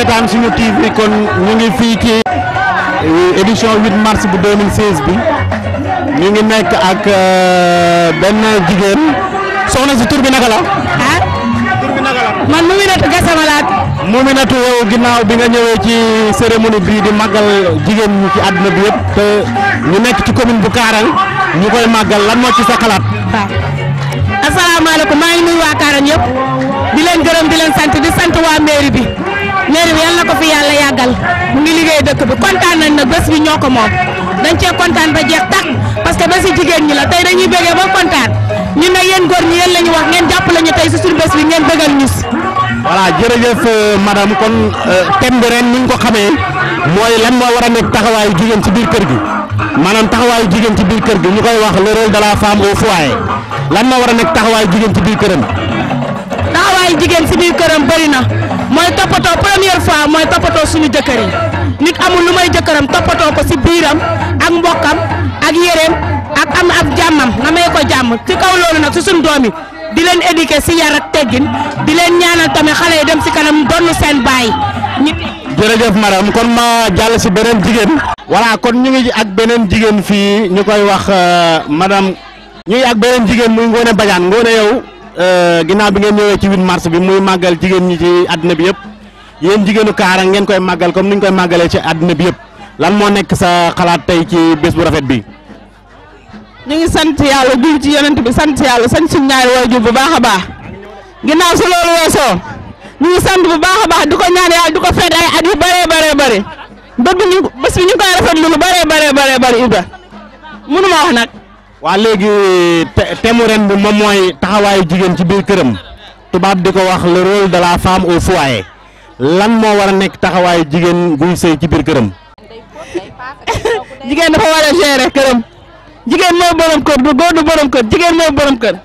seetaan suñu TV kon ñu ngi fii ci euh, édition 8 mars bu 2016 bi ñu ngi nekk ak euh, benn jigéen soxna si tur bi naka la. ah. man bi naka la. man Mouminatou Gassama laa. Mouminatou ginnaaw bi nga ñëwee ci cérémonie bii di màggal jigéen ci àdduna bi yëpp te ñu nekk ci commune bu Kaaral ñu koy màggal lan moo ci sa xalaat. waaw asalaamaaleykum maa ngi nuyu waa Kaaral yëpp di leen gërëm di leen sant di sant waa mairie bi. maire bi na ko fi yàlla yàggal mu ngi liggéey dëkk bi kontaan nañ nag bés bi ñoo ko moom dañ cee kontaan ba jeex tak parce que bési jigéen ñi la tey dañuy bëggee ba kontaan ñun nag yéen góor ñi yéen la ñu wax ngeen jàppale ñu tey si suñu bés bi ngeen bëggal ñus voilà jërëjëf euh, madame kon euh, thème bi ren ni ko xamee mooy lan moo war a nekk taxawaayu jigéen ci biir kër gi maanaam taxawaayu jigéen ci biir kër gi ñu koy wax le rôle de la femme lan moo war a nekk taxawaayu jigéen ci biir këram. taxawaayu jigéen ci biir këram bëri na. mooy toppatoo première fois mooy toppatoo suñu jëkkër yi nit amul lu may jëkkëram toppatoo ko si biiram ak mbokkam ak yéreem ak am ak jàmmam nga may ko jàmm ci kaw loolu nag si suñu doom yi di leen éduquer si yar ak teggin di leen ñaanal tamit xale yi dem si kanam donnu seen baay. jërëjëf madame kon ma jàll si beneen jigéen. voilà kon ñu ngi ak beneen jigéen fii ñu koy wax euh, madame. ñu ngi ak beneen jigéen muy Ngoné Badiane Ngoné yow. Euh, ginnaaw bi ngeen ñëwee ci 8 mars bi muy màggal jigéen ñi ci àddina bi yëpp yéen jigéenu Kaarang ngeen koy màggal comme ni ñu koy màggalee ci àddina bi yëpp lan moo nekk sa xalaat tey ci bés bu rafet bi. ñu ngi sant yàlla jul ci yonent bi sant yàlla sant suñu ñaari waajur bu baax a baax ginnaaw su loolu weesoo ñu ngi sant bu baax a baax di ko ñaan yàlla di ko feet ay at yu bëree bëree bëri bëgg ñu bés bi ñu wax nag. waa léegi thème ren bi moom mooy taxawaayu jigéen ci biir këram tubaab di ko wax le rôle de la femme au foyer lan moo war a nekk taxawaayu jigéen guy sëy ci biir këram. jigéen dafa war a gérer këram jigéen mooy borom kër du kër jigéen mooy borom kër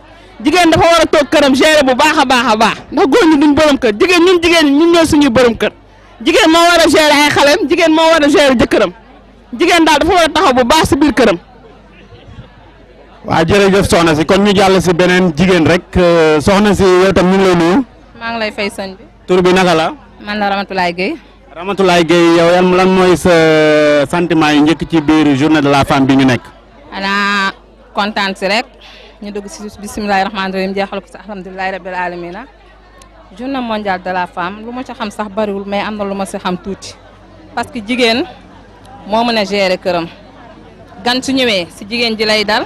dafa war a toog këram gérer bu baax a baax a baax ndax góor ñi duñ kër jigéen ñun jigéen ñun ñoo suñuy borom kër jigéen moo war a ay xalem jigéen moo war a gérer jëkkëram jigéen daal dafa war taxaw bu baax si biir këram. waaw jërëjëf soxna si kon ñu jàll si beneen jigéen rek euh, soxna si yow tam ñu ngi maa ngi lay fay sañ bi. tur bi naka la. man la Ramatoulaye Guèye. Ramatoulaye Guèye yow yan lan mooy sa euh, sentiment yi njëkk ci biir journée de la femme bi ñu nekk. kontaan si rek ñu dugg si bisimilah rahmaani rahiim jeexal ko si alhamdulilah rabil aalamiina. journée mondiale de la femme lu ma ci xam sax bariwul mais am na lu ma si xam tuuti parce que jigéen moo mën a gérer këram gan su ñëwee si jigéen ji lay dal.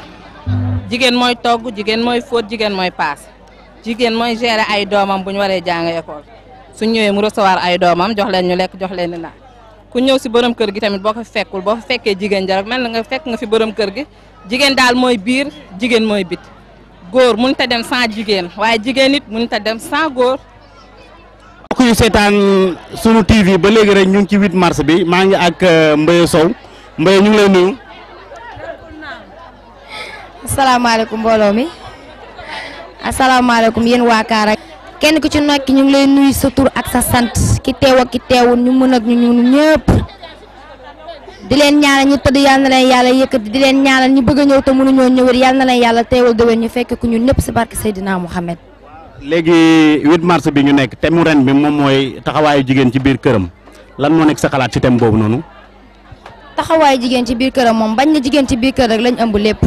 jigéen mooy togg jigéen mooy fóot jigéen mooy paas jigéen mooy gérer ay doomam bu ñu waree jàng école su ñëwee mu recevoir ay doomam jox leen ñu lekk jox leen ni naan ku ñëw si borom kër gi tamit boo ko fekkul boo fekkee jigéen ja rek mel na nga fekk nga si borom kër gi jigéen daal mooy biir jigéen mooy bit góor mu mënut ta dem sans jigéen waaye jigéen it mënut ta dem sans góor. mbokk yu seetaan sunu TV ba léegi rek ñu ngi ci huit mars bi maa ngi ak euh, Mbaye Sow Mbaye asalaamaaleykum mbooloo mi asalaamaaleykum yéen waa Kaar ak kenn ku ci nokki ñu ngi lay nuyu sa tur ak sa sant ki teew ak ki teewul ñu mën ak ñu ñun ñëpp di leen ñaanal ñu tëdd yal na leen yàlla yëkkat di leen ñaanal ñu bëgg ñëw te mënuñoo ñëwit yal na leen yàlla teewal déwén ñu fekk ku ñun ñëpp si barke Seydina Mouhamed. léegi 8 mars bi ñu nekk thème mu ren bi moom mooy taxawaayu jigéen ci biir këram lan moo nekk sa xalaat ci thème boobu noonu. taxawaayu jigéen ci biir këram moom bañ na jigéen ci biir kër rek lañ ëmb lépp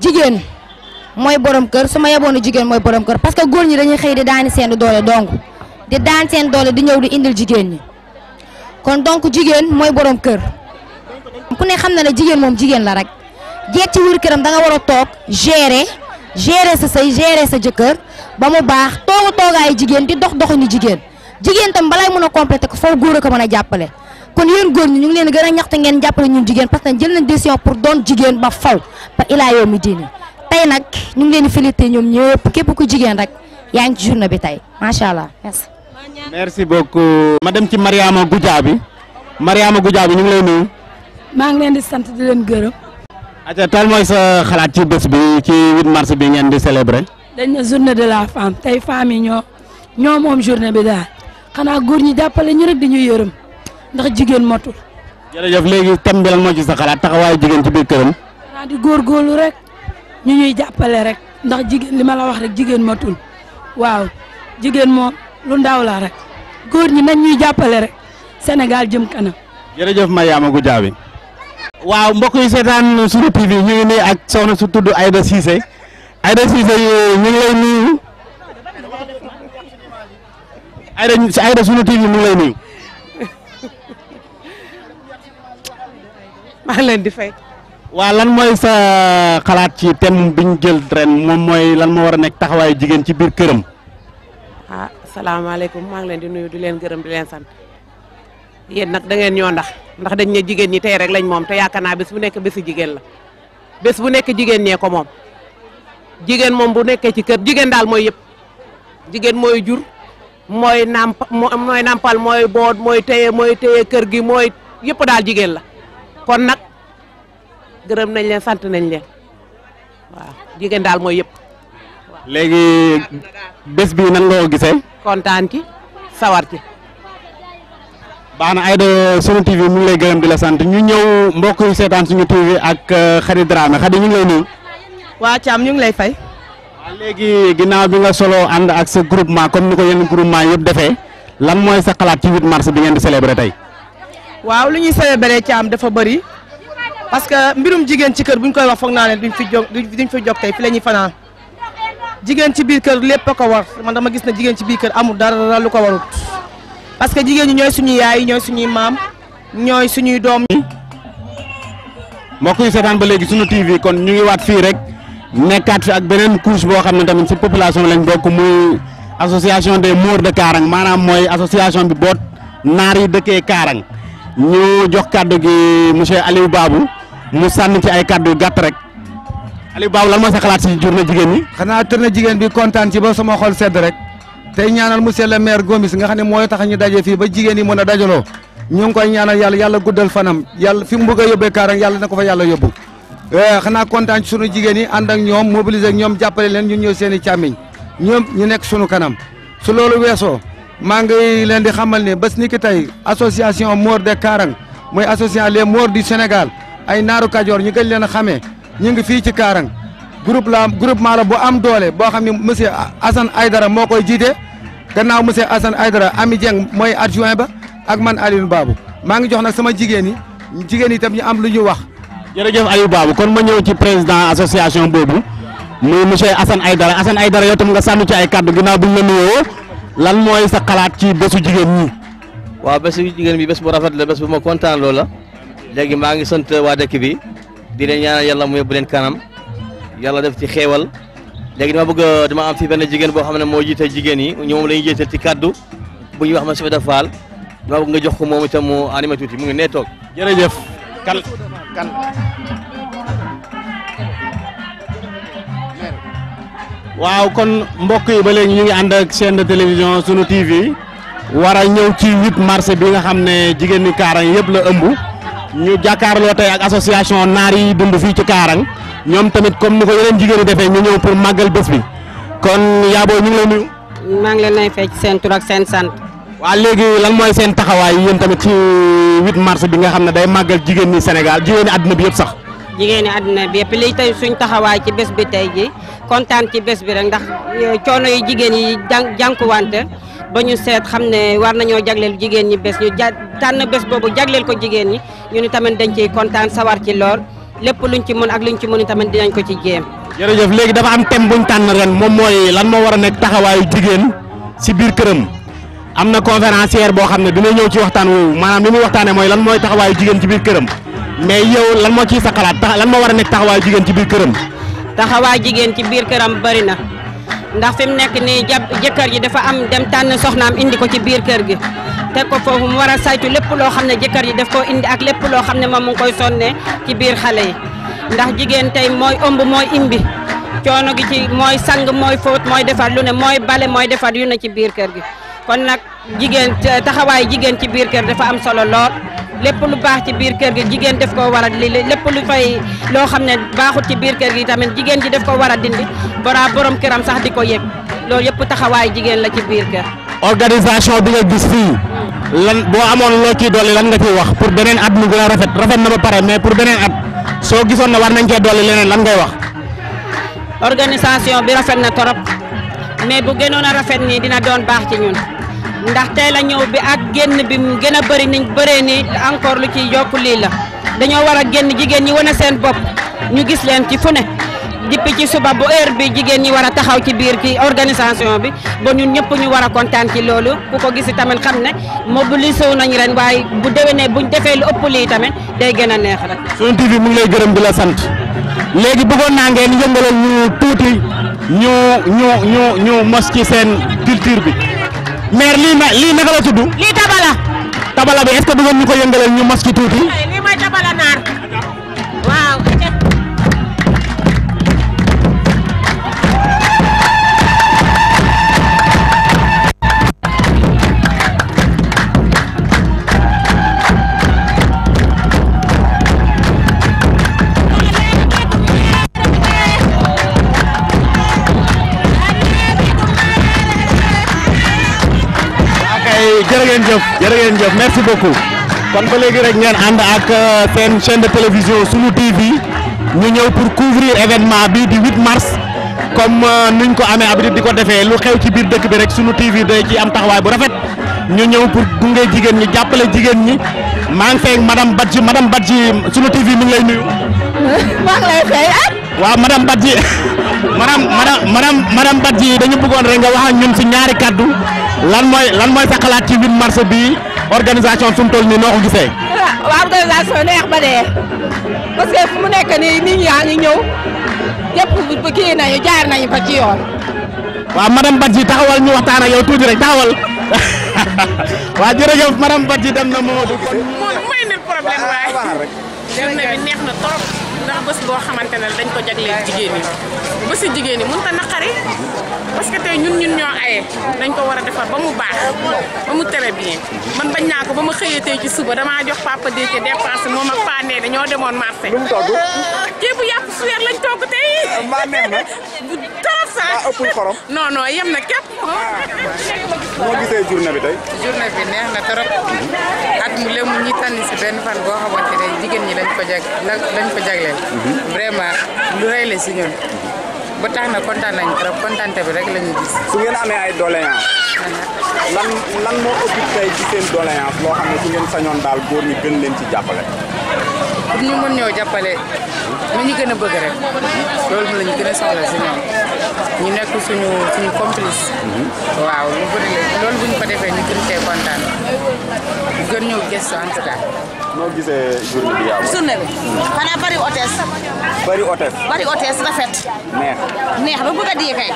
jigéen mooy borom kër su ma yeboon jigéen mooy borom kër parce que góor ñi dañuy xëy di daani seen doole dong di daan seen doole di ñëw di indil jigéen ñi kon donc jigéen mooy borom kër ku ne xam na ne jigéen moom jigéen la rek jeeg ci wër këram da war a toog gérer gérer sa say gérer sa jëkkër ba mu baax toogu toogaayu jigéen di dox doxuñu jigéen jigéen tam balay mën a complété ko foofu góor a ko mën a jàppale. kon yéen góor ñi ñu ngi leen gën a ñaxte ngeen jàppale ñun jigéen parce que jël nañ décision pour doon jigéen ba faw ilaa yow mi diine tey nag ñu ngi leen di félicité ñoom ñëpp képp ku jigéen rek yaa ngi ci journée bi tey macha allah merci. merci ma dem ci Mariama Goudiaby Mariama Goudiaby ñu ngi lay nuyu. maa ngi leen di sant di leen gërëm. aca tal mooy sa xalaat ci bés bi ci 8 mars bi ngeen di célébrer. dañ na journée de la femme tey femme yi ñoo ñoo moom journée bi daal xanaa góor ñi jàppale ñu rek di ñu yërëm. ndax jigéen motul. jërëjëf léegi thème bi lan moo ci sa xalaat taxawaayu jigéen ci biir këram. xanaa di góorgóorlu rek ñu ñuy jàppale rek ndax jigéen li ma la wax rek jigéen motul waaw jigéen moom lu ndaw la rek góor ñi nañ ñuy jàppale rek Sénégal jëm kanam. jërëjëf Mariama Goudiaby. waaw mbokk yi seetaan suñu TV ñu ngi nii ak soxna su tudd Aïda Cissé Aïda Cissé ñu ngi lay nuyu. Aïda Aïda suñu TV mu lay nuyu. maa leen di fay. waa lan mooy sa xalaat ci thème bi jël ren moom mooy lan moo war a nekk taxawaayu jigéen ci biir këram. ah salaamaaleykum maa ngi leen di nuyu di leen gërëm di leen sant yéen nag da ngeen ñoo ndax ndax dañ ne jigéen ñi tey rek lañ moom te yaakaar naa bés bu nekk bési jigéen la bés bu nekk jigéen ñee ko moom. jigéen moom bu nekkee ci kër jigéen daal mooy yëpp jigéen mooy jur mooy namp mooy nampal mooy boot mooy téye mooy téye kër gi mooy yëpp daal jigéen la. kon nag gërëm nañ leen sant nañ leen waaw jigéen daal mooy yëpp. léegi bés bi nan nga gisee. kontaan ki sawar ci. baax na Aïda sunu TV mu ngi lay gërëm di la sant ñu ñëw mbokk yu seetaan suñu TV ak euh, Khady Dramé Khady ñu ngi lay waa Thiam ñu lay fay. waaw léegi ginnaaw bi nga solo ànd ak sa groupement comme ni ko yenn groupement yëpp defee lan mooy sa xalaat ci 8 mars bi ngeen di célébrer tey. waaw lu ñuy célébrer Thiam dafa bari parce que mbirum jigéen ci kër bu ñu koy wax foog naa ne duñ fi jóg duñ fi jóg tey fi la ñuy fanaan jigéen ci biir kër lépp a ko war man dama gis na jigéen ci biir kër amul dara lu ko warut parce que jigéen ñi ñooy suñu yaay ñooy suñuy maam ñooy suñuy doom yi. moo yi seetaan ba léegi suñu TV kon ñu ngi waat fii rek nekkaat fi ak beneen couche boo xam ne tamit si population lañ bokk muy association des morts de Karang maanaam mooy association bi boot naar yi dëkkee ñu jox kàddu gi monsieur Aliou Babou mu sànni ci ay kàddu yu gàtt rek Aliou Babou lan mooy sa xalaat si journée jigéen ñi. xanaa journée jigéen bi kontaan ci ba sama xol sedd rek tey ñaanal monsieur le maire Gomis nga xam ne mooy tax ñu daje fii ba jigéen yi mën a dajaloo ñu ngi koy ñaanal yàlla yàlla guddal fanam yàlla fi mu bëgg a yóbbee Kaarang yàlla na ko fa yàlla yóbbu. Eh, xanaa kontaan ci sunu jigéen yi ànd ak ñoom mobiliser ñoom jàppale leen ñu ñëw seeni càmmiñ ñoom ñu nekk sunu kanam su loolu weesoo maa ngi leen di xamal ne bés ni ki tey association Mor de Karang mooy association les Mor du Sénégal ay naaru Kajoor ñi gën leen a xamee ñu ngi fii ci Karang groupe la groupement la bu am doole boo xam ne assan ay dara moo koy jiite gannaaw monsieur Assane Aydara Ami Dieng mooy adjoint ba ak man Alioune baabu maa ngi jox nag sama jigéen yi jigéen yi tam ñu am lu ñu wax. jërëjëf Aliou Babou kon ma ñëw ci président association boobu muy monsieur Assane Aydara Assane Aydara yow tam nga sànni ci ay kàddu ginnaaw bu ñu la lan mooy sa xalaat ci bésu jigéen ñi. waaw bésu jigéen bi bés bu rafet la bés bu ma kontaan loola léegi maa ngi sant waa dëkk bi di leen ñaanal yàlla mu yóbbu leen kanam yàlla def ci xéewal léegi dama bëgg dama am fi benn jigéen boo xam ne moo jiite jigéen yi ñoom la ñuy jiital ci kaddu bu ñuy wax ma Soda Fall dama bëgg nga jox ko moom itam mu animé tuuti mu ngi nee toog. jërëjëf kan kan. waaw kon mbokk yi ba léegi ñu ngi ànd ak chaîne de télévision sunu TV war a ñëw ci 8 mars bi nga xam ne jigéen ñi Kaarang yëpp la ëmb ñu loo tey ak association naar yi dund fii ci Kaarang ñoom tamit comme ni ko yeneen jigéen ñi defee ñu ñëw pour màggal bés bi kon yaa booy ñu ngi lay leen di fay ci seen tur ak seen sant. waa léegi lan mooy seen taxawaay yéen tamit ci 8 mars bi nga xam ne day màggal jigéen ñi Sénégal jigéen ñi bi yëpp sax. jigéen ñi àdduna bi yëpp lii tey suñ taxawaay ci bés bi tey ji kontaan ci bés bi rek ndax euh, coono yu jigéen yi wante ba ñu seet xam ne war nañoo jagleel jigéen ñi bés ñu ja tànn bés boobu jagleel ko jigéen ñi ñu ni tamit dañ ciy kontaan sawar ci lool lépp luñ ci mën ak luñ ci mënu tamit dinañ ko ci jéem. jërëjëf léegi dafa am thème buñ tànn ren moom mooy lan moo war a nekk taxawaayu jigéen si biir këram am na conférencière boo xam ne dina ñëw ci waxtaan woowu maanaam li muy waxtaanee mooy lan mooy taxawaayu jigéen ci biir këram mais yow lan moo ciy sa xalaat lan moo war a nekk taxawaayu ci biir këram taxawaay jigéen ci biir këram bari na ndax fi mu nekk nii jab jëkkër ji dafa am dem tànn soxnaam indi ko ci biir kër gi teg ko foofu mu war a saytu lépp loo xam ne jëkkër ji def koo indi ak lépp loo xam ne moom mu ngi koy sonne ci biir xale yi ndax jigéen tey mooy ëmb mooy imbi coono gi ci mooy sang mooy fóot mooy defar lu ne mooy bale mooy defar yu ne ci biir kër gi kon nag jigéen taxawaay jigéen ci biir kër dafa am solo lool lépp lu baax ci biir kër gi jigéen def ko war a li lépp lu fay loo xam ne baaxut ci biir kër gi tamit jigéen ji def ko war a dindi bara borom këram sax di ko yëg loolu yëpp taxawaay jigéen la ci biir kër. organisation bi nga gis fii. lan boo amoon loo ciy dolli lan nga ciy wax pour beneen at mu gën a rafet rafet na ba pare mais pour beneen at soo gisoon na war nañ cee dolli leneen lan ngay wax. organisation bi rafet na torop mais bu gënoon a rafet nii dina doon baax ndax teel a ñëw bi ak génn bi mu gën a bëri ni baree ni encore lu ci yokk lii la dañoo war a génn jigéen ñi wane seen bopp ñu gis leen ci fu ne depuis ci suba bu heure bi jigéen ñi war a taxaw ci biir ci organisation bi ba ñun ñëpp ñu war a kontaan ci loolu ku ko gis tamit xam ne mobilisé wu nañu ren waaye bu déwénee buñ defee lu ëpp lii tamit day gën a neex rek. Sunu TV mu ngi lay gërëm di la sant léegi bëggoon naa ngeen yëngalal ñu tuuti ñu ñu ñu ñu mos ci seen culture bi. maire lii na lii naka la tudd. lii tabala. tabala bi est-ce que bëggoon ko yëngalal ñu mas ci tuuti. lii mooy tabala naar. jërë ngeen jëf jërë ngeen jëf merci beaucoup kon ba léegi rek ngeen ànd ak euh, seen chaîne de télévision Sunu TV ñu ñëw pour couvrir événement bi di 8 mars comme euh, nuñ ko amee habitude di ko defee lu xew ci biir dëkk bi rek Sunu TV day ci am taxawaay bu rafet ñu ñëw pour gunge jigéen ñi jàppale jigéen ñi maa ngi fay madame Badji madame Badji Sunu TV mi ngi lay nuyu. maa ngi lay fay ah. waaw madame Badji madame madame bat Badji dañu bëggoon rek nga wax ñun si ñaari kaddu. lan mooy lan mooy sa xalaat ci 8 mars bi organisation fi mu toll nii noo ko gisee. Ah, waaw organisation neex ba dee parce que fu mu nekk nii nit ñaa ngi ñëw yëpp kii nañu jaar nañu ko ci yoon. waaw madame Badji taxawal ñu waxtaan ak yow tuuti rek taxawal waaw jërëjëf madame Badji dem na Mamadou. moom mooy ne problème waaye. Ah, dem na bi neex na trop ndax bés boo xamante ne dañ ko jagleel jigéen ñi bési jigéen ñi mënut a naqari. parce que tey ñun ñun ñoo aye dañ ko war a defar ba mu baax ba mu très bien man bañ naa ba ma xëyee tey ci suba damaa jox papa Déthié dépense moom ak Fane dañoo demoon marché. lu mu togg. ceebu yàpp suweer lañ togg tey. na. bu trop sax. maa ëppul xorom. non na képp. moo ah, gisee journée bi tey. journée bi neex na trop. at mu lem ñi tànn si benn fan boo xamante ne jigéen ñi lañ ko jag lañ ko jagleel. Mhm. vraiment lu rëy la si ñun. ba tax na kontaan nañ trop kontaante bi rek la ñu gis. su ngeen amee ay doléance. lan lan moo ëpp tey ci seen doléance loo xam ne su ngeen sañoon daal góor ñi gën leen ci jàppale. pour ñu mën ñoo jàppale lu ñu gën a bëgg rek loolu mu la ñu gën a soxla si ñoom ñu nekk suñu suñu complice waaw lu bëri loolu bu ñu ko defee ñu gën cee kontaan gën ñëw gëstu en tout noo gisee journée bi yaaw journée xanaa bari hôtesse bari hôtesse bari hôtesse rafet neex ba bëgg a dee kay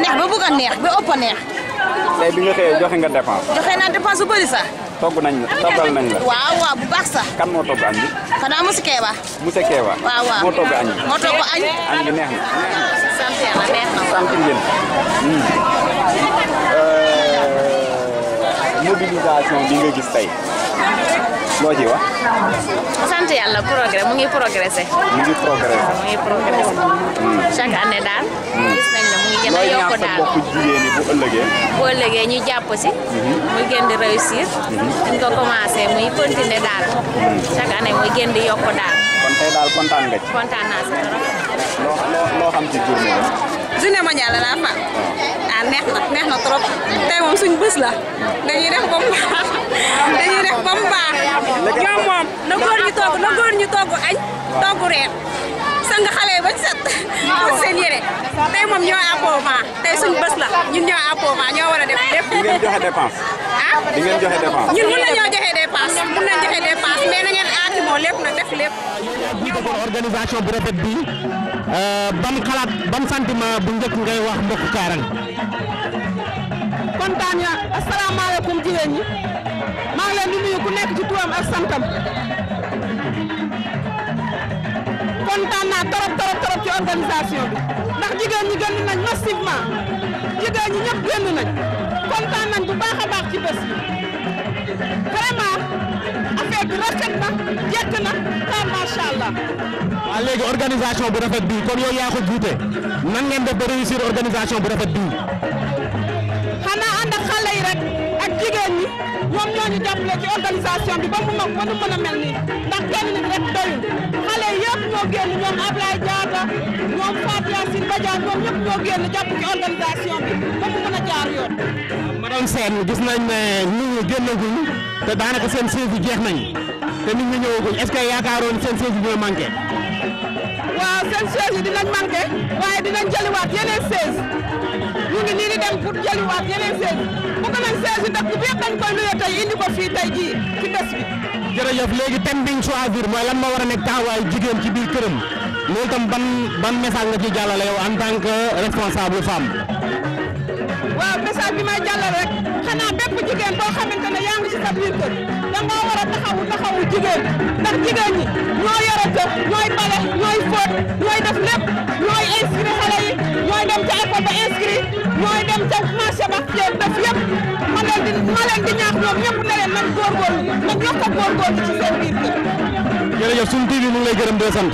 neex ba bëgg a neex ba ëpp a neex tey bi nga xëyee joxe nga dépense joxe naa dépense bu bëri sax togg nañ la toggal nañ la. waaw waaw bu baax sax. kan moo togg añ bi. xanaa monsieur Keeba. monsieur Keeba. waaw waaw moo togg añ bi. moo togg añ. añ bi neex na. sant yàlla neex na. sant ngeen. Hmm. Euh, mobilisation bi nga gis tey loo ci wax. sant yàlla progrès mu ngi progressé. mu ngi progressé. mu ngi progressé. Hmm. chaque année daal. Hmm. àjjana yokk daal mooy jigéen bu ëllëgee. bu ñu jàpp si. Mhm. muy gën di réussir. Mhm. ñu ko commencé muy continuer daal. Mhm. chaque année muy gën yokk daal. kon tey kontaan nga ci. kontaan naa si loo loo xam la femme. ah neex na neex na trop tey moom suñu bés la dañuy def ba mu baax dañuy def ba mu baax ñoom moom na góor ñu togg na góor ñu togg añ togg reer sang xale yi bañ set pour seen yére tey moom ñoo appoment suñu bés la ñun ñoo appoment ñoo war a def lépp. di ngeen joxe dépense. ah di ngeen joxe dépense. mun nañoo joxe joxe dépense mais na ngeen moo lépp nag def lépp. ñu defoon organisation bu rafet bi euh, bam xalaat bam sentiment bu njëkk ngay wax mbokku Kaarang. kontaan ya asalaamaaleykum jigéen ñi maa leen di nuyu ku nekk ci turam ak santam kontaan naa trop trop trop ci organisation bi ndax jigéen ñi génn nañ massivement jigéen ñi ñëpp génn nañ kontaan nañ bu baax a baax ci bés vraiment affaire bi rafet na jekk na ta ah, macha allah. waaw léegi organisation bu rafet bii comme yow yaa ko jiite nan ngeen def ba réussir organisation bu rafet bii. xanaa ànd ak yi ñoom ñoo ñu jàppale ci organisation bi ba mu mag ba mu mën a mel nii ndax kenn nit rek xale yëpp ñoo génn ñoom Ablaye Diatta ñoom Fatou Yacine Badiane ñoom ñëpp ñoo génn jàpp ci organisation bi ba mu mën a jaar yoon. madame Sène gis nañ ne nit ñi génnaguñ te daanaka seen séntu jeex nañ te nit ñi ñëwaguñ est-ce que yaakaaroon seen séntu ñoo manqué. waaw seen chaise yi dinañ manqué waaye dinañ jëliwaat yeneen chaise ñu ngi nii dem pour jëliwaat yeneen chaise bëgg nañ chaise yi dëkk bi yëpp dañ koy luye tey indi ko fii tey jii ci bés bi. jërëjëf léegi thème bi ñu choisir mooy lan moo war a nekk taxawaayu jigéen ci biir këram loolu tam ban ban message nga ci jàllale yow en tant que responsable femme. waaw message bi may jàllal rek xanaa bépp jigéen boo xamante ne yaa ngi ci sa biir kër da nga a taxawu taxawu jigéen ndax jigéen ñi ñoo yore ñooy bale ñooy fóot ñooy def lépp ñooy inscrit xale ñooy dem ca école ba inscrit ñooy dem ca marché ba yéen def yëpp ma di ma leen di ñaax ñoom ñëpp ne leen nañ góorgóorlu nañ yokk a góorgóorlu ci seen biir kër. jërëjëf suñu TV mu lay gërëm di la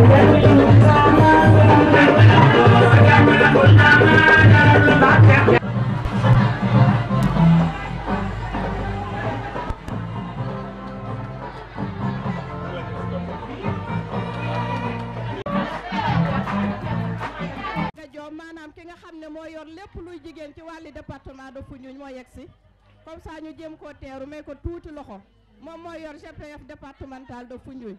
nga ki xam ne yor lépp luy jigéen ci de comme ça ñu jëm ko teeru may ko tuuti loxo moom moo yor GPF départemental de Foundiougne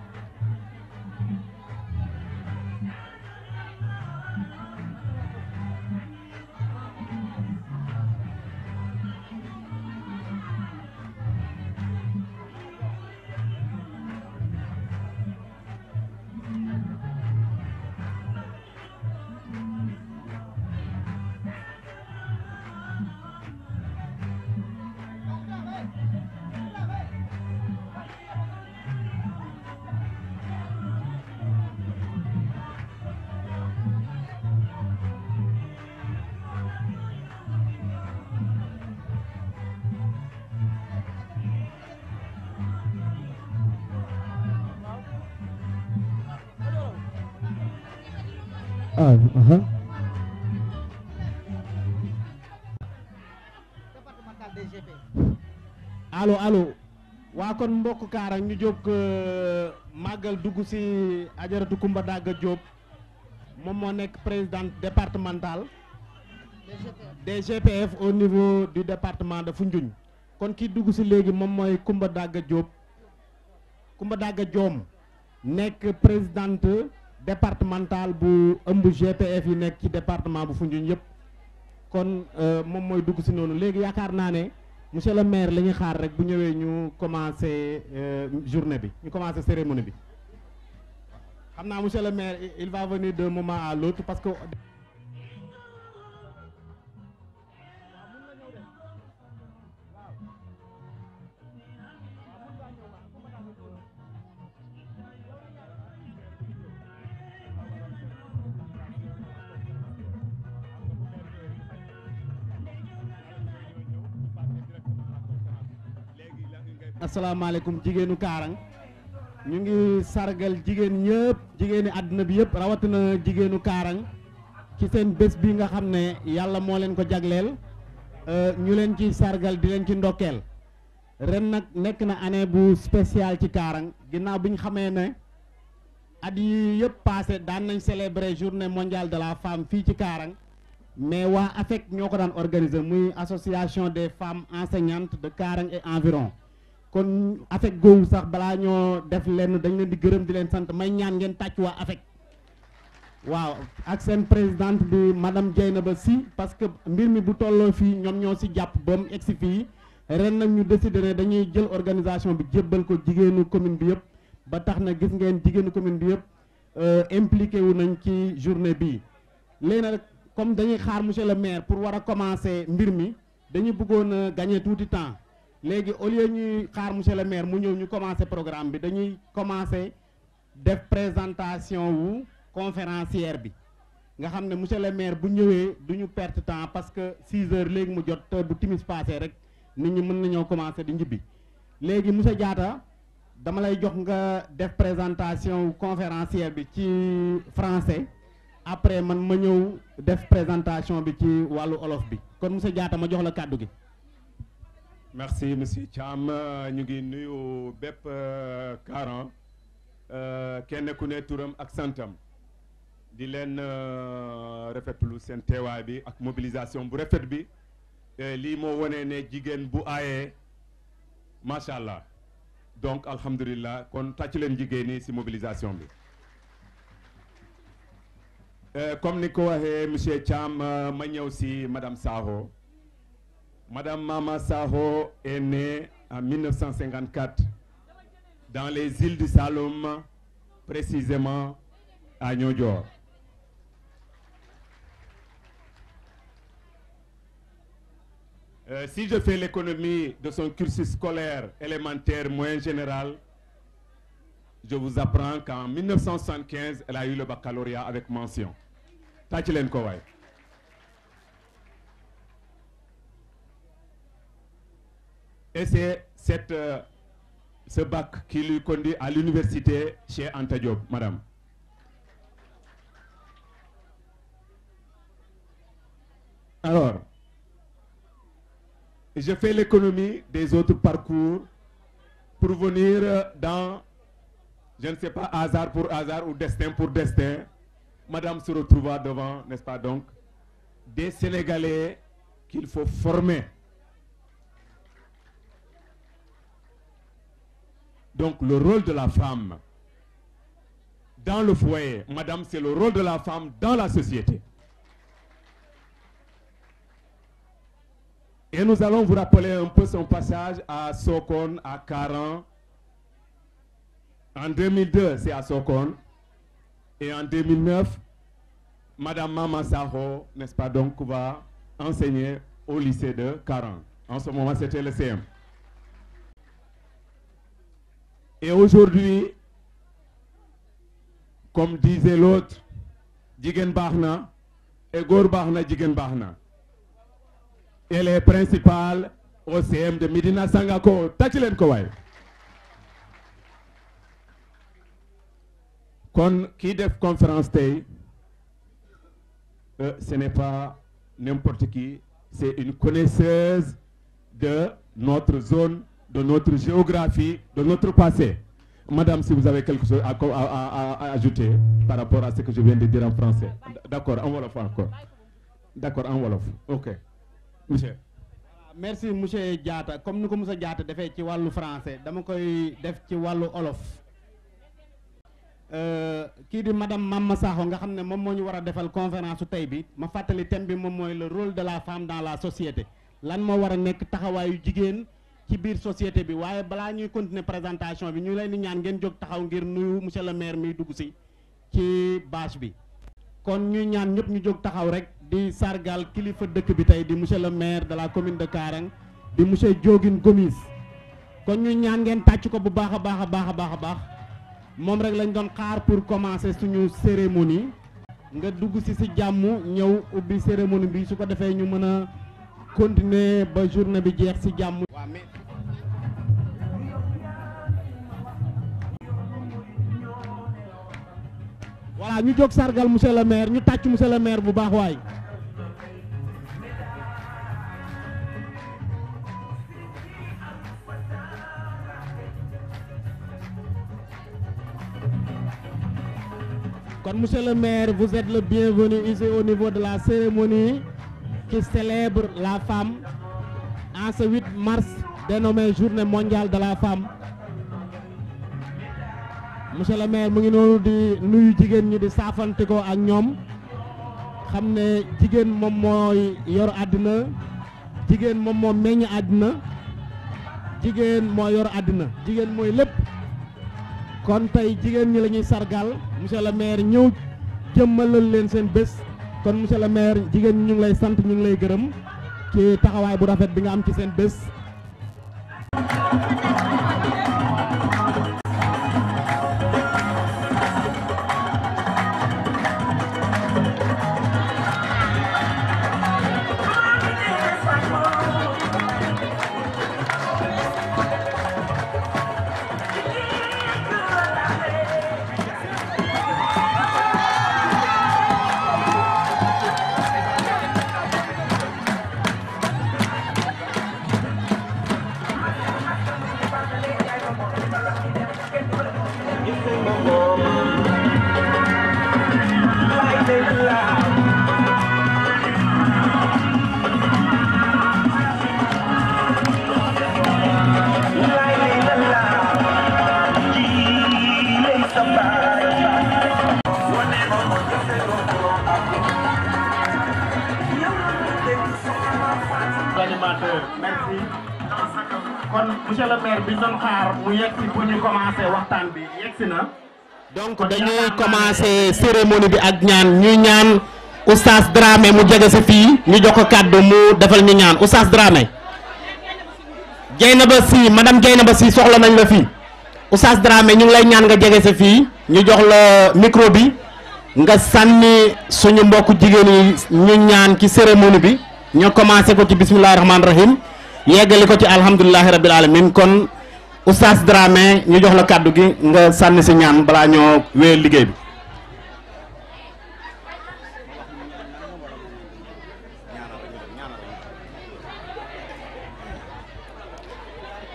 claro. Uhum. allo allo waa kon mbokk kaarang ñu jóg euh, màggal dugg si ajaratu Kumba dàgga Diop moom moo nekk présidente départementale des au niveau du département de Foundiougne kon kii dugg si léegi moom mooy Kumba Dagga Diop Kumba Dagga Diom nekk présidente départemental bu ëmb GPF yi nekk ci département bu Foundiougne yëpp kon euh, moom mooy dugg si noonu léegi yaakaar naa ne monsieur le maire lañu ñuy xaar rek bu ñëwee ñu commencé euh, journée bi ñu commencé cérémonie bi xam naa monsieur le maire il va venir d'un moment à l'autre parce que asalaamaaleykum jigéenu Kaarang ñu ngi sargal jigéen ñëpp jigéeni àdduna bi yëpp rawatina jigéenu Kaarang ci seen bés bi nga xam ne yàlla moo leen ko jagleel euh, ñu leen ci sargal di leen ci ndokkeel ren nag nekk na année bu spécial ci Kaarang ginnaaw bi ñu xamee ne at yëpp passé daan nañ célébrer journée mondiale de la femme fii ci Kaarang mais waa AFEC ñoo ko daan organiser muy association des femmes enseignantes de Kaarang et environ kon AFEC googu sax balaa ñoo def lenn dañu leen di gërëm di leen sant may ñaan ngeen tàcc waa AFEC waaw ak seen présidente bi madame Dieynaba Sy parce que mbir mi bu tolloo fii ñoom ñoo si jàpp ba mu egsi fii ren nag ñu décidé ne dañuy jël organisation bi jébbal ko jigéenu commune bi yëpp ba tax na gis ngeen jigéenu commune bi yëpp euh, impliqué wu nañ ci journée bii léegi nag comme dañuy xaar monsieur le maire pour war a commencer mbir mi dañu bëggoon a gagner tuuti temps léegi au lieu ñuy xaar monsieur le maire mu ñëw ñu commencer programme bi dañuy commencer def présentation wu conférencière bi nga xam ne monsieur le maire bu ñëwee du ñu perte temps parce que 6 heures léegi mu jot heure bu timis passé rek nit ñi mën na ñëw commencer di njibbi léegi monsieur jaata dama lay jox nga def présentation wu conférencière bi ci français après man ma ñëw def présentation bi ci wàllu olof bi kon monsieur jaata ma jox la kàddu gi. merci monsieur Thiam ñu ngi nuyu bépp Kaaran euh, euh, kenn ku ne turam ak santam di leen euh, rafetlu seen teewaay bi ak mobilisation bu rafet bi lii moo wone ne jigéen bu aaye macha allah donc alhamdulilah kon tàcc leen jigéen ñi ci mobilisation bi. comme ni ko waxee monsieur Thiam ma ñëw si madame saavo Madame Mama Saho est née en dans les îles du Saloum, précisément à Niodior. Euh, si je fais l'économie de son cursus scolaire élémentaire moyen général, je vous apprends qu'en 1975, elle a eu le baccalauréat avec mention. Tâche leen Et c'est cette, euh, ce bac qui lui conduit à l'université chez Anta Diop, madame. Alors, je fais l'économie des autres parcours pour venir euh, dans, je ne sais pas, hasard pour hasard ou destin pour destin. Madame se retrouva devant, n'est-ce pas donc, des Sénégalais qu'il faut former Donc le rôle de la femme dans le foyer, madame, c'est le rôle de la femme dans la société. Et nous allons vous rappeler un peu son passage à Sokon, à En 2002, c'est à Sokon. Et en 2009, Madame Mama Saho, n'est-ce pas donc, va enseigner au lycée de En ce moment, c'était le CM. Et aujourd'hui, comme disait l'autre, Jigen Bahna et Gor Bahna Jigen Bahna. Elle est principale au CM de Medina Sangako. Tachilen Kowai. Kon, qui def conférence tay, euh, ce n'est pas n'importe qui, c'est une connaisseuse de notre zone de notre géographie, de notre passé. Madame, si vous avez quelque chose à, à, à, à ajouter par rapport à ce que je viens de dire en français. D'accord, en Wolof encore. D'accord, en Wolof. OK. Monsieur. Ah, merci monsieur jaata comme ni ko monsieur jaata defee ci wàllu français dama koy def ci wàllu olof euh, kii di madame ma Sakho nga xam ne moom moo ñu war a defal conférence su tey bi ma fàttali thème bi moom mooy le rôle de la femme dans la société lan moo war a nekk taxawaayu jigéen ci biir société bi waaye balaa ñuy continuer présentation bi ñu leen di ñaan ngeen jóg taxaw ngir nu monsieur le maire mi dugg si ci bâche bi kon ñuy ñaan ñëpp ñu jóg taxaw rek di sargal kilifa dëkk bi tey di monsieur le maire de la commune de kaarang di monsieur Diogine Gomis kon ñuy ñaan ngeen tàcc ko bu baax a baax a baax a baax a baax moom rek lañ doon xaar pour commencer suñu cérémonie nga dugg si si jàmm ñëw ubbi cérémonie bi su ko defee ñu mën a continuer ba journée bi jeex si jàmm. voilà ñu jóg sargal monsieur le maire ñu tàcc monsieur le maire bu baax waay. kon monsieur le maire vous êtes le bienvenu ici au niveau de la cérémonie qui célèbre la femme en ce 8 mars dénommé journée mondiale de la femme. monsieur le maire mu ngi noonu di nuyu jigéen ñi di saafante ak ñoom xam ne jigéen moom mooy yor àddina jigéen moom moo meññ àddina moo yor àddina jigéen mooy lépp kon tey jigéen ñi la ñuy sargal monsieur le maire ñëw jëmmalal leen seen bés kon monsieur le maire jigéen ñi ñu ngi lay sant ñu ngi lay gërëm ci taxawaay bu rafet bi nga am ci seen bés ñuy commencé cérémonie bi ak ñaan ñuy ñaan oustaz Dramé mu jege sa fii ñu jox ko kàddu mu defal ñu ñaan oustaz Dramé Dieynaba Sy madame ba Sy soxla nañ la fii oustaz Dramé ñu lay ñaan nga jege sa fii ñu jox la micro bi nga sànni suñu mbokku jigéen yi ñu ñaan ci cérémonie bi ñu commencé ko ci bismillahi rahmaani rahim yeggali ko ci alhamdulilahi rabil alamin kon oustaz Dramé ñu jox la kàddu gi nga sànni si ñaan balaa ñoo wéyal liggéey bi.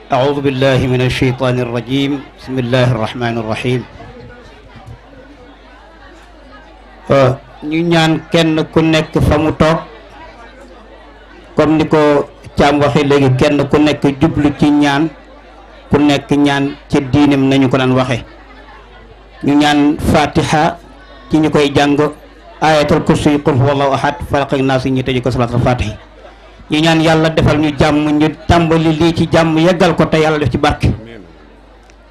أعوذ بالله من الشيطان الرجيم بسم الله الرحمن الرحيم ñu ñaan kenn ku nekk fa mu toog comme ni ko Thiam waxee léegi kenn ku nekk jublu ci ñaan ku nekk ñaan ci diineem nañu ko daan waxe ñu ñaan fatiha ci ñu koy jàng ayatul kursi qul huwallahu ahad falaq ak naas ñu tëj ko salaatul fatihi ñu ñaan yàlla defal ñu jàmm ñu tàmbali lii ci jàmm yeggal ko te yàlla def ci barke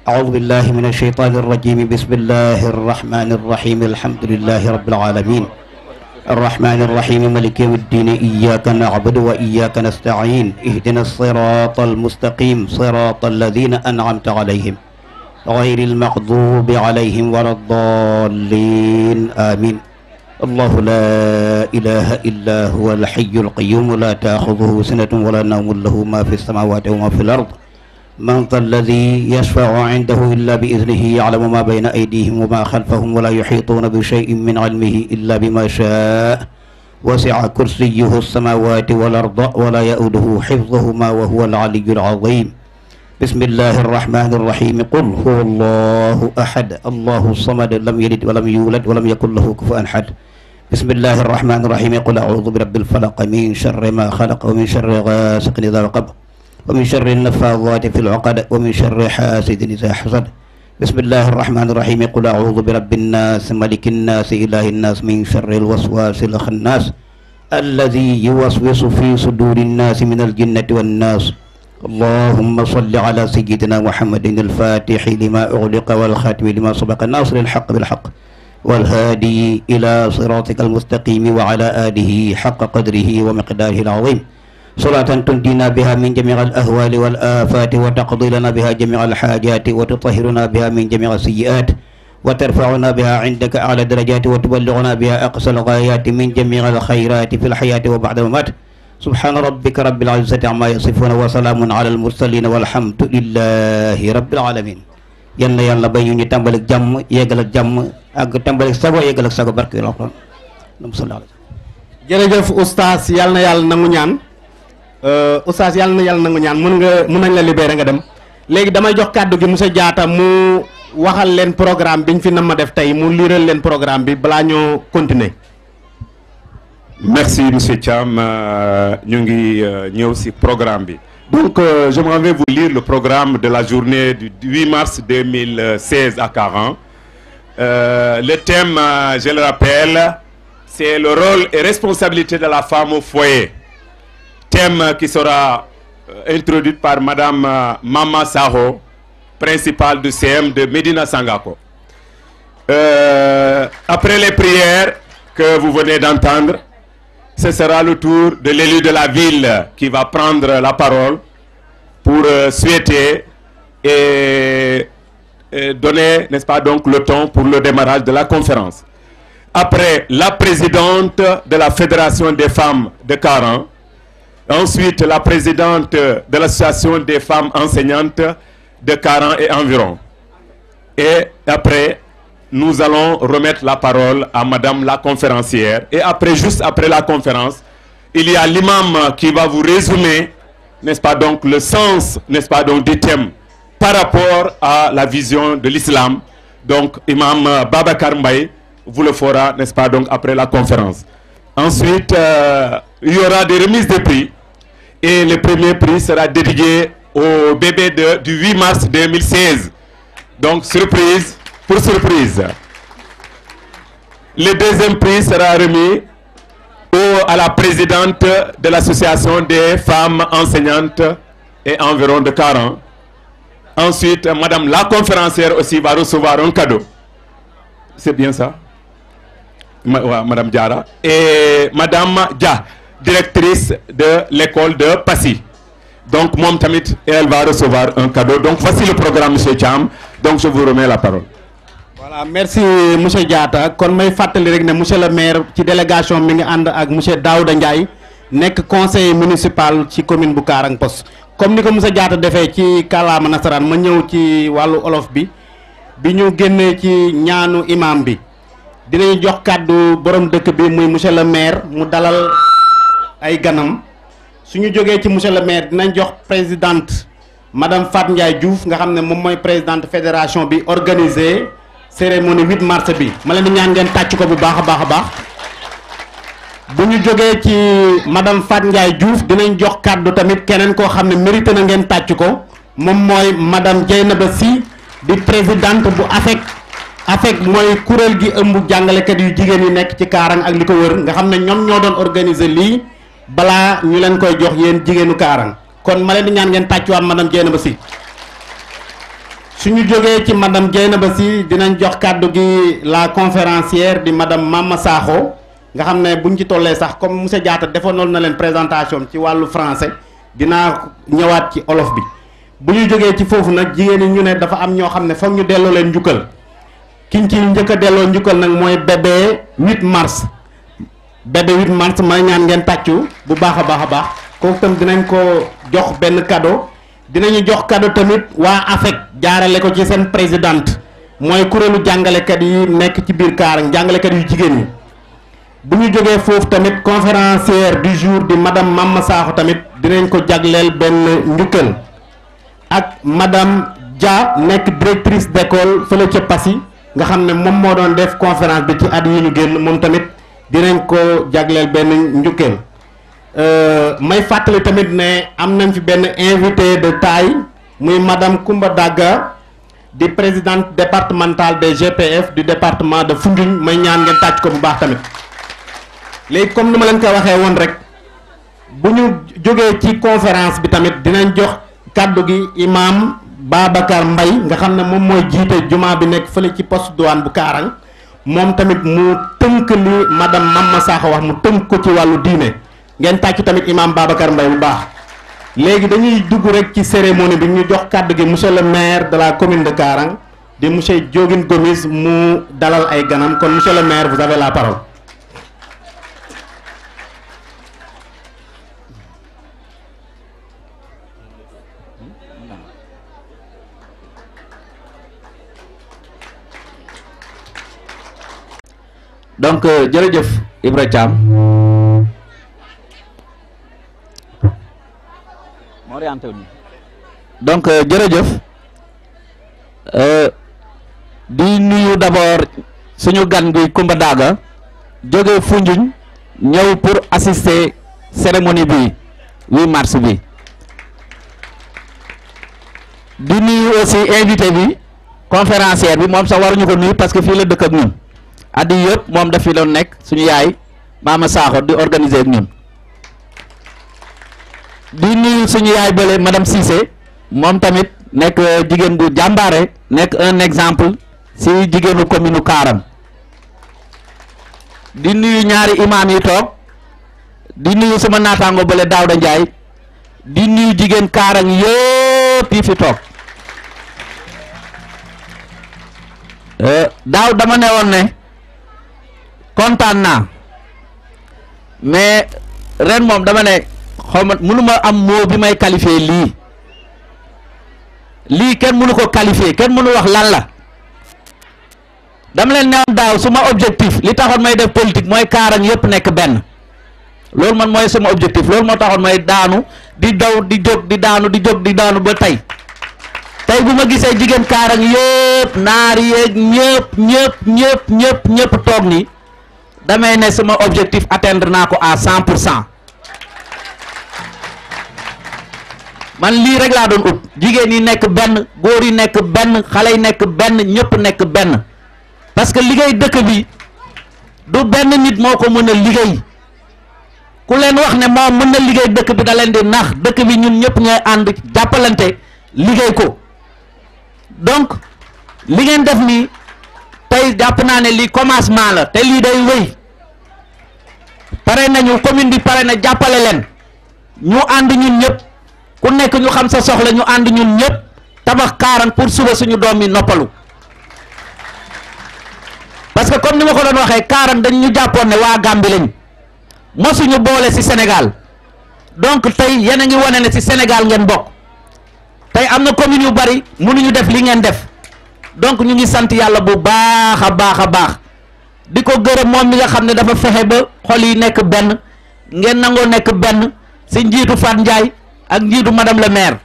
أعوذ بالله من الشيطان الرجيم بسم الله الرحمن الرحيم الحمد لله رب العالمين الرحمن الرحيم ملك يوم الدين إياك نعبد وإياك نستعين اهدنا الصراط المستقيم صراط الذين أنعمت عليهم غير المغضوب عليهم ولا الضالين آمين الله لا إله إلا هو الحي القيوم لا تأخذه سنة ولا نوم له ما في السماوات وما في الأرض man dha alladi yashfau indahu illa bi idnihi yalamu ma bayna aydihim wa ma xalfahum wala yuxituuna bi cheyin min cilmihi illa bima shaa wasica kursiyuhu alsamawati walarda wala yauduhu xifduhuma wa huwa alcaliyu alcazim bismillahi arrahmani irrahimi qul huwa allahu ahad allahu samad lam yalid walam yulad walam yakun lahu kufuwan ahad bismillahi arrahmani irrahimi qul acuudu birabbi alfalaq min sharri ma xalaq wa min sharri gaasiqin idaa waqab wa min sharri nafaadati fi l-uqad wa min sharri xaasidin idaa xasad bismillahi irrahmani irrahim qul audu bi rabbi nnaas maliki nnaas ilahi nnaas min sharri lwaswaasi lxannaas alladi yuwaswisu fi suduri nnaasi min aljinnati wannaas allahuma salli ala sayidina muhammadin alfatixi lima uxliqa walxaatimi lima sabaqa naasiri alxaq bilxaq walhaadii ila siratika almustaqimi wa ala alihi xaqa qadrihi wa miqdaarihi alazim صلاة تنجينا بها من جميع الأهوال والآفات وتقضي لنا بها جميع الحاجات وتطهرنا بها من جميع السيئات وترفعنا بها عندك أعلى درجات وتبلغنا بها أقصى الغايات من جميع الخيرات في الحياة وبعد الممات سبحان ربك رب العزة عما يصفون وسلام على المرسلين والحمد لله رب العالمين yal na yàlla bay ñu ñu tàmbalik jàmm yeggal ak jàmm ak tàmbalik sago yeggal ak sago barke alxuraan jërëjëf oustaz yal na yàlla nangu ñaan Euh, oustaz yàlla na yàlla nangu ñaan mën nga mën nañ la libéré nga dem léegi damay jox kàddu gi monsieur Diatta mu waxal leen programme bi ñu fi nam ma def tey mu liiral leen programme bi balaa ñoo merci monsieur Thiam euh, ñu ngi euh, ñëw si programme bi donc euh, j'aimerais vous lire le programme de la journée du 8 mars 2016 à Caran euh, le thème euh, je le rappelle c'est le rôle et responsabilité de la femme au foyer thème qui sera euh, introduit par Madame euh, Mama Saho, principale du CM de Medina Sangako. Euh, après les prières que vous venez d'entendre, ce sera le tour de l'élu de la ville qui va prendre la parole pour euh, souhaiter et, et donner, n'est-ce pas, donc le temps pour le démarrage de la conférence. Après, la présidente de la Fédération des femmes de Caran, Ensuite, la présidente de l'association des femmes enseignantes de Caran et environ. Et après, nous allons remettre la parole à madame la conférencière. Et après, juste après la conférence, il y a l'imam qui va vous résumer, n'est-ce pas donc, le sens, n'est-ce pas donc, du thème par rapport à la vision de l'islam. Donc, imam Babacar Mbaye vous le fera, n'est-ce pas donc, après la conférence. Ensuite, euh, il y aura des remises de prix. et le premier prix sera dédié au bébé de, du 8 mars 2016. Donc surprise pour surprise. Le deuxième prix sera remis à la présidente de l'association des femmes enseignantes et environ de 40. Ensuite, madame la conférencière aussi va recevoir un cadeau. C'est bien ça? Ma, ouais, madame Diara et madame Dia. directrice de l'école de Passy donc moom tamit elle va recevoir un cadeau donc voici le programme monsieur Thiam donc je vous remets la parole. voilà merci monsieur jaata kon may fàttali rek ne monsieur le maire ci délégation mi ngi ànd ak monsieur Daouda Ndiaye nekk conseiller municipal ci commune bu Karang Pos comme ni ko monsieur jaata defee ci kàllaama nasaraan ma ñëw ci wàllu olof bi bi ñu génnee ci ñaanu imam bi dinañu jox kàddu borom dëkk bi muy monsieur le maire mu dalal. ay ganam ñu jógee ci monsieur le maire dinañ jox présidente madame Fat Ndiaye Diouf nga xam ne moom mooy présidente fédération bi organisé cérémonie 8 mars bi ma leen ñaan ngeen tàcc ko bu baax a baax a baax bu ñu jógee ci madame Fat Ndiaye Diouf dinañ jox kàddu tamit keneen koo xam ne mérité na ngeen tàcc ko moom mooy madame Dieynaba Sy di présidente bu AFEC AFEC mooy kuréel gi ëmb jàngalekat yu jigéen yi nekk ci Kaarang ak li ko wër nga xam ne ñoom ñoo doon organiser lii balaa ñu leen koy jox yéen jigéenu Kaarang kon ma leen di ñaan ngeen tàccuwaat madame Dieynaba Sy suñu jógee ci madame Dieynaba si dinañ jox kàddu gi la conférencière di madame Mama Sakho nga xam ne buñ ci tollee sax comme monsieur Diatta defoonoon na leen présentation ci wàllu français dinaa ñëwaat ci olof bi bu ñu jógee ci foofu nag jigéen ñi ñu ne dafa am ñoo xam ne foog ñu delloo leen njukkal kiñ ci njëkk a delloo njukkal nag mooy bébé 8 mars date 8 mars may ñaan ngeen tàccu bu baax a baax a baax kooku tam dinañ ko jox benn cadeau dinañu jox cadeau tamit waa AFEC jaarale ko ci seen présidente mooy kuréelu jàngalekat yi nekk ci biir kaar jàngalekat yu jigéen ñi bu ñu jógee foofu tamit conférencière du jour di madame Mama Sakho tamit dinañ ko jagleel benn njukkal ak madame Dia nekk directrice d'école fële ca Passy nga xam ne moom moo doon def conférence bi ci at yi ñu génn moom tamit dinañ ko jagleel benn njukkeel euh, may fàttali tamit ne am nañ fi benn invité de taille muy madam Koumba Daga di présidente départementale des GPF du département de Foundiougne may ñaan ngeen tàcc ko bu baax tamit léegi comme ni ma leen koy waxee woon rek bu ñu jógee ci conférence bi tamit dinañ jox kàddu gi imam Babacar mbay nga xam ne moom mooy jiite jumaa bi nekk fële ci post douane bu Kaarang moom tamit mu tënk li madame Mama Sakho wax mu tënk ko ci wàllu diine ngeen tàcc tamit imam Babacar Mbaye bu baax léegi dañuy dugg rek ci cérémonie bi ñu jox kàdd gi monsieur le maire de la commune de Karang di monsieur Diogine Gomis mu dalal ay ganam kon monsieur le maire vous avez la parole donc euh, jërëjëf Ibra Thiam donc euh, jërëjëf euh, di nuyu d'abord suñu gan gi Kumba Daaga jóge Foundiougne ñëw pour assister cérémonie bi 8 mars bi di nuyu aussi invité bi conférencière bi moom sax waruñu ko nuyu parce que fii la dëkk ak ñun at yi moom dafi doon nekk suñu yaay maama saaxo di organiser ak ñun di nuyu suñu yaay bële madame Cissé moom tamit nekk euh, jigéen bu jàmbaare nekk un exemple si jigéenu commune Kaaram di nuyu ñaari imaam yi toog di nuyu sama naataango bële Daouda Ndiaye di nuyu jigéen Kaarang yëpp yi fi toog euh, daaw dama ne woon ne kontaan naa mais ren moom dama ne xaw ma mënu ma am moo bi may qualifier lii lii kenn mënu ko qualifier kenn mënu wax lan la dama leen ne daaw suma objectif li taxoon may def politique mooy kaarang yëpp nekk benn loolu man mooy sama objectif loolu ma taxoon may daanu di daw di jóg di daanu di jóg di daanu ba tey tey bu ma gisee jigéen kaarang yëpp naar yeeg ñëpp ñëpp ñëpp ñëpp toog nii damay ne sama objectif atteindre naa ko à cent pour cent man lii rek laa doon ut jigéen yi nekk benn góor yi nekk benn xale yi nekk benn ñëpp nekk benn parce que liggéey dëkk bi du benn nit moo ko mën a liggéey ku leen wax ne moom mën na liggéey dëkk bi daleen leen di nax dëkk bi ñun ñëpp ñooy ànd jàppalante liggéey ko donc li ngeen def nii tey jàpp naa ne lii commencement la te lii day wéy pare nañu commune bi pare na jàppale leen ñu ànd ñun ñëpp ku nekk ñu xam sa soxla ñu ànd ñun ñëpp tabax kaaran pour suba suñu doom yi noppalu parce que comme ni ma ko doon waxee kaaran dañu ñu jàppoon ne waa Gàmbi lañ mosuñu boole ci Sénégal donc tey yéen a ngi wane na ci Sénégal ngeen bokk tey am na commune yu bari mënuñu def li ngeen def donc ñu ngi sant yàlla bu baax a baax a baax. di ko gërëm moom mi nga xam ne dafa fexe ba xol yi nekk benn ngeen nangoo nekk benn si njiitu Fat Ndiaye ak njiitu madame la maire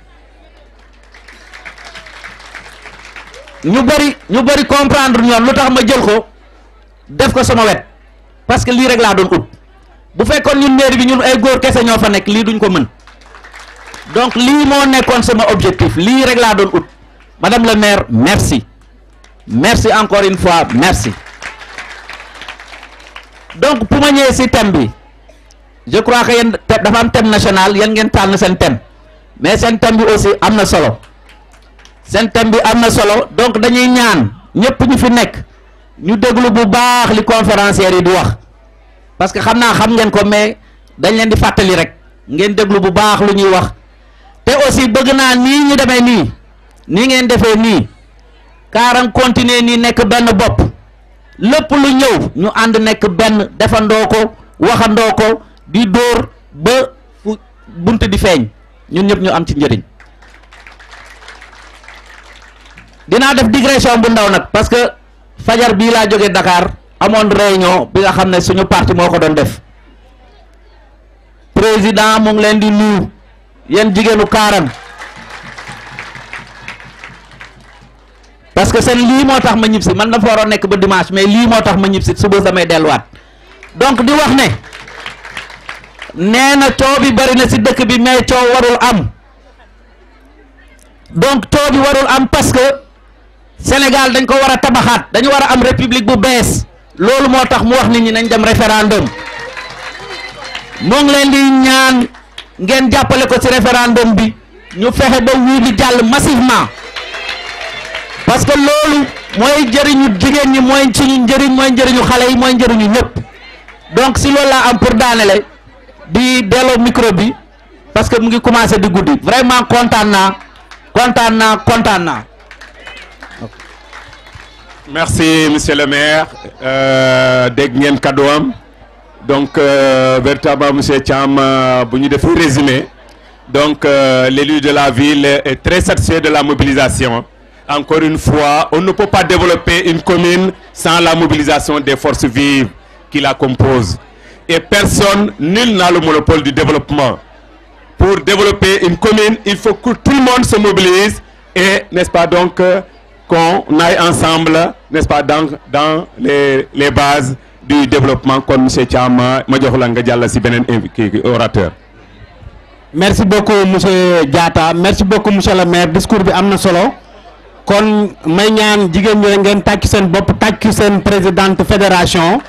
ñu bëri ñu bëri comprendre ñoom lu tax ma jël ko def ko sama wet parce que lii rek laa doon ut bu fekkoon ñun mairie bi ñun ay góor kese ñoo fa nekk lii duñ ko mën donc lii moo nekkoon sama objectif lii rek laa doon ut madame le maire merci merci encore une fois merci donc pour ma ñëwee si thème bi je crois que yéen dafa am thème national yéen ngeen tànn seen thème mais seen thème bi aussi am na solo seen thème bi am na solo donc dañuy ñaan ñëpp ñu fi nekk ñu déglu bu baax li conférenciers yi di wax parce que xam naa xam ngeen ko mais dañ leen di fàttali rek ngeen déglu bu baax lu ñuy wax te aussi bëgg naa nii ñu demee nii nii ngeen defee nii kaaram continuer nii nekk benn bopp lépp lu ñëw ñu ànd nekk benn defandoo ko waxandoo ko di dóor ba fu bunt di feeñ ñu ñëpp ñu am ci njëriñ dinaa def digression bu ndaw nag parce que fajar bii laa jóge Dakar amoon réunion bi nga xam ne suñu parti moo ko doon def président mu leen di nuyu yenn jigéenu Karang parce que seen lii moo tax ma ñib si man na fa waroon nekk ba dimanche mais lii moo tax ma ñib si suba damay delluwaat donc di wax ne nee na coow bi bëri na si dëkk bi mais coow warul am donc coow bi warul am parce que Sénégal dañ ko war a tabaxaat dañu war a am république bu bees loolu moo tax mu wax nit ñi nañ dem référendum moo ngi leen di ñaan ngeen jàppale ko si référendum bi ñu fexe ba wii bi jàll massivement parce que loolu mooy njëriñu jigéen ñi mooy suñu njëriñ mooy njëriñu xale yi mooy njëriñu ñëpp donc si loolu laa am pour daanele di delloo micro bi parce que mu ngi commencé di guddi vraiment kontaan naa kontaan naa kontaan naa. merci monsieur le maire euh, dégg ngeen kaddu donc euh, véritablement monsieur Thiam euh, bu ñu defee résumé donc l'élu de la ville est très satisfait de la mobilisation. Encore une fois, on ne peut pas développer une commune sans la mobilisation des forces vives qui la composent. Et personne, nul n'a le monopole du développement. Pour développer une commune, il faut que tout le monde se mobilise et, n'est-ce pas donc, euh, qu'on aille ensemble, n'est-ce pas, dans, les, les bases du développement kon monsieur Thiam euh, ma jox la nga jàll si beneen kii orateur. merci beaucoup monsieur Diatta merci beaucoup monsieur le maire discours bi am na solo. kon may ñaan jigéen ñooy ngeen tàcc seen bopp tàcc seen présidente fédération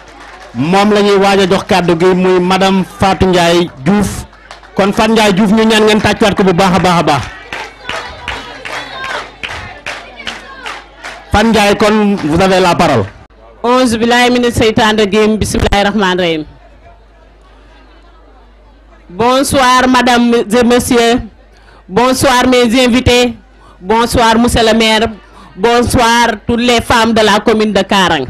moom lañuy ñuy waaj a jox kàddu gi muy madame fatu Ndiaye Diouf kon Fatou Ndiaye Diouf ñu ñaan ngeen tàccuwaat ko bu baax a baax a baax Fatou Ndiaye kon vous avez la parole. onze billahi mina seytaan rajim bismillahi rahman rahim bonsoir madame et messieurs bonsoir mes invités Bonsoir, monsieur le maire. Bonsoir, toutes les femmes de la commune de Karang.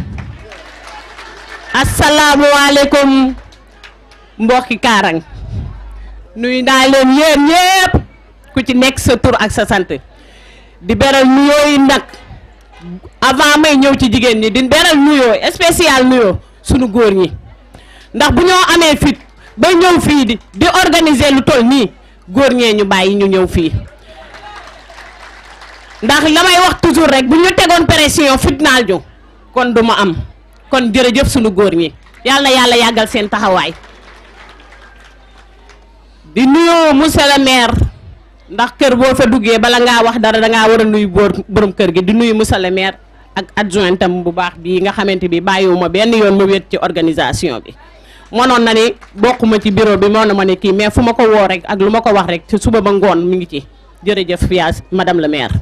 asalaamualeykum mbokki Karang nuyu naa leen yéen ñépp ku ci nekk sa tur ak sa sant di beral nuyooyu nag avant may ñëw ci jigéen ñi di beral nuyoo spécial nuyoo sunu góor ñi ndax bu ñoo amee fit ba ñëw fii di di organiser lu toll nii góor ñee ñu bàyyi ñu ñëw fii ndax la may wax toujours rek bu ñu tegoon pression fitnaal ju kon du ma am kon jërëjëf sunu góor ñi yàlla yàlla yàggal seen taxawaay di nuyoo monsieur le maire ndax kër boo fa duggee bala ngaa wax dara dangaa war a nuyu boor borom kër gi di nuyu monsieur le maire ak adjointam bu baax bii nga xamante bi bàyyiwuma benn yoon ma wét ci organisation bi mënoon na ni bokkuma ci bureau bi moo na ma ne kii mais fu ma ko woo rek ak lu ma ko wax rek ci suba ba ngoon mi ngi ci jërëjëf yaa madame le maire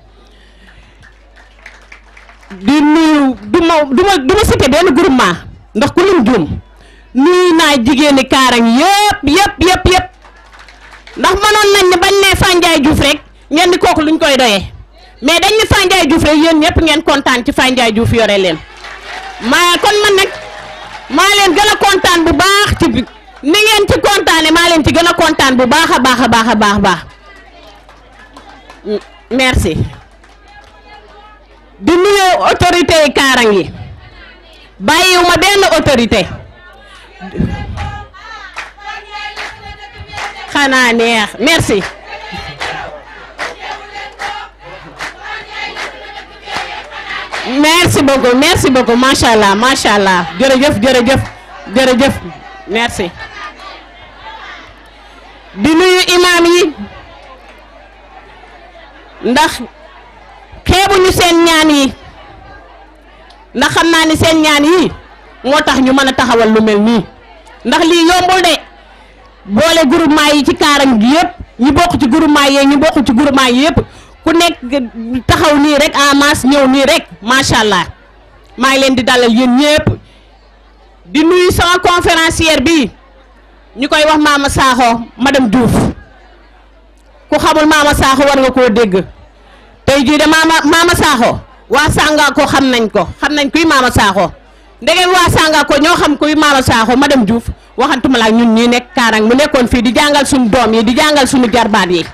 di nuyu du ma du ma du ma benn groupement ndax ku lim juum nuyu naa jigéeni kaarang yëpp yëpp yëpp yëpp ndax mënoon nañ ne bañ ne Fandiaye Diouf rek ngeen ni kooku luñ koy doyee mais dañ ne Fandiaye Diouf rek yéen ñëpp ngeen kontaan ci Fandiaye Diouf yore leen maa kon man nag maa leen gën a kontaan bu baax ci bi ni ngeen ci kontaane maa leen ci gën a kontaan bu baax a baax a baax a baax a baax mm, merci di nuyu autorité yi kaarang yi bàyyiwuma benn autorité xanaa neex merci merci beaucoup merci beaucoup macha allah macha allah jërëjëf jërëjëf jërëjëf merci di nuyu imaam yi ndax déglu seen ñaan yi ndax xam naa ni seen ñaan yi moo tax ñu mën a taxawal lu mel nii ndax lii yombul de boole groupement yi ci kaarang gi yëpp ñi bokk ci groupement yi ñi bokk ci groupement yi yëpp ku nekk taxaw nii rek en masse ñëw nii rek macha allah maa ngi leen di dalal yéen ñëpp di nuyu sama conférencière bi ñu koy wax Mama Sakho madame Diouf ku xamul Mama Sakho war nga koo dégg. tey de maama maama Sakho waa Sangaako xam ko xam nañ kuy maama Sakho ndegem ñoo xam kuy maama Sakho madame Diouf waxantuma nekk Kaarang mu nekkoon fii di jàngal suñu doom di jàngal suñu jarbaat yi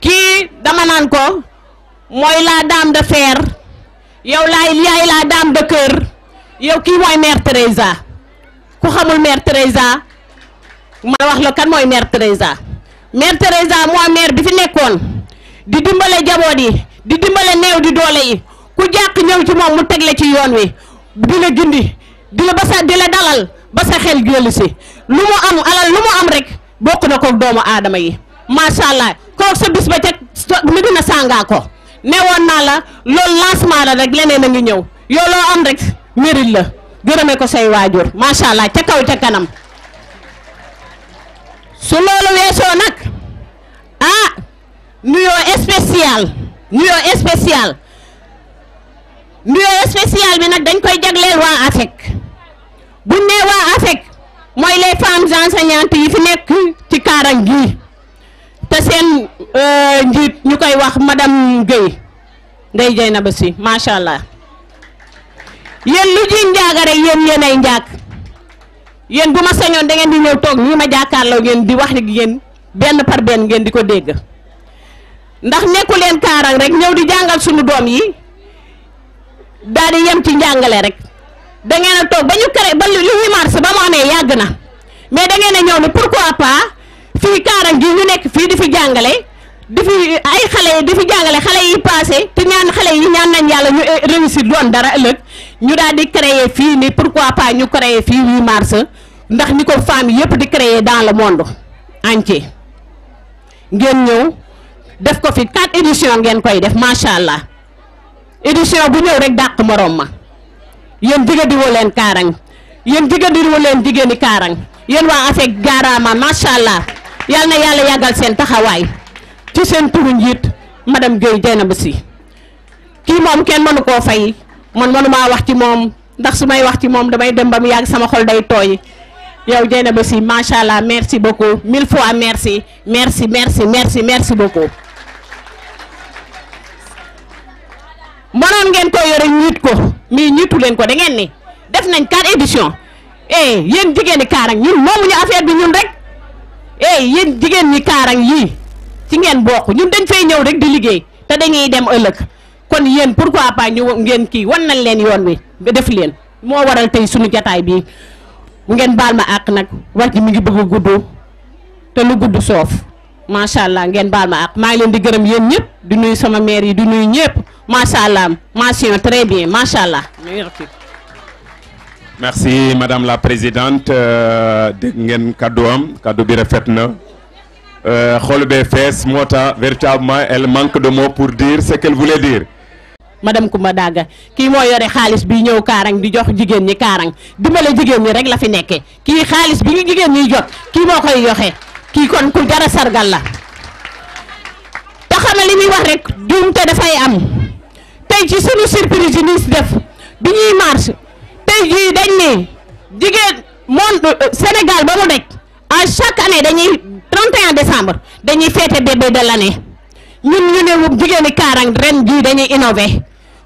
kii dama naan ko mooy la dame de fer yow laay yaay la dame de cœur yow kii mooy mère Teresa ku xamul mère Teresa ma wax la kan mooy mère Teresa mère Teresa mooy mère bi fi nekkoon. di dimbale jaboot yi di dimbale néew di doole yi ku jàq ñëw ci moom mu teg la ci yoon wi di la jundi di la ba sa di dalal ba sa xel jëli si lu mu am alal lu mu am rek bokk na koog doomu aadama yi macha allah kook sa bis ba ca mi dina sàngaa ko ne naa la loolu lancement la rek leneen a ngi ñëw yow loo am rek mérite la gërëme ko say waajur macha allah ca kaw ca kanam su loolu weesoo nag ah nuyoo spécial nuyoo spécial nuyoo spécial bi nag dañ koy jagleel waa AFEC bu nee waa AFEC mooy les femmes enseignantes yi fi nekk ci Kaarang gii te seen euh, njiit ñu koy wax madame Guèye Ndeye Dieynaba Sy macha allah yéen lu ji njaaga rek yéen yéen ay njaag yéen bu ma sañoon da ngeen di ñëw toog nii ma jàkkaarloo ngeen di wax ak yéen benn par benn ngeen di ko dégg. ndax nekku leen kaarang rek ñëw di jàngal suñu doom yi daal di yem ci njàngale rek da ngeen a toog ba ñu créé ba lu huit mars ba mu amee yàgg na mais dangeen ngeen a ñëw ne pourquoi pas fii kaarang gi ñu nekk fii di fi jàngale di fi ay xale di fi jàngale xale yi passé te ñaan xale yi ñaan nañ yàlla ñu eh, réussir doon dara ëllëg ñu daal di créer fii ni pourquoi pas ñu créer fii huit mars ndax ni ko femmes yëpp di créer dans le monde entier ngeen ñëw. def ko fi quatre édition ngeen koy def macha allah édition bu ñëw rek dàq morom ma yéen diggandiwoo leen kaarang yéen diggandiwoo leen jigéeni kaarang yéen waa ASEC gaaraama macha allah yal na yàlla yàggal seen taxawaay ci seen turu njiit madame Guèye Dieynaba Sy kii moom kenn mënu koo fay man mënumaa wax ci moom ndax su may wax ci moom damay dem ba mu yàgg sama xol day tooy yow Dieynaba Sy macha allah merci beaucoup mille fois merci merci merci merci merci beaucoup. mënoon ngeen ko yore ñiit ko mais ñiitu leen ko da ngeen ni def nañ quatre édition eh yéen jigéen ñi kaarang ñun moomuñu affaire bi ñun rek eh yéen jigéen ñi kaarang yii ci ngeen bokk ñun dañ fay ñëw rek di liggéey te dañuy dem ëllëg kon yéen pourquoi pas ñu ngeen kii wan nañ leen yoon wi def leen moo waral tey suñu jataay bii ngeen baal ma àq nag wax mi ngi bëgg a gudd te lu gudd soof macha allah ngeen baal ma àq maa ngi leen di gërëm yéen ñëpp du nuyu sama maire yi di nuyu ñëpp. macha allah mention très bien macha allah. merci madame la présidente euh, dégg ngeen kaddu am kaddu bi rafet na euh, xol bee fees moo tax véritablement elle manque de mots pour dire ce qu'elle voulait dire. madame Koumba Daga kii moo yore xaalis bi ñëw kaarang di jox jigéen ñi kaarang dimbale jigéen ñi rek la fi nekkee kii xaalis bi ñu jigéen ñi jot kii moo koy joxe kii kon ku jar a sargal la te xam li muy wax rek juumte dafay am. tey ci sunu surprise yi ñu def bi ñuy marche tey jii dañ ne jigéen monde euh, Sénégal ba mu daj à chaque année dañuy 31 décembre dañuy fêter bébé de l'année ñun ñu ne jigéeni Kaarang ren jii dañuy innover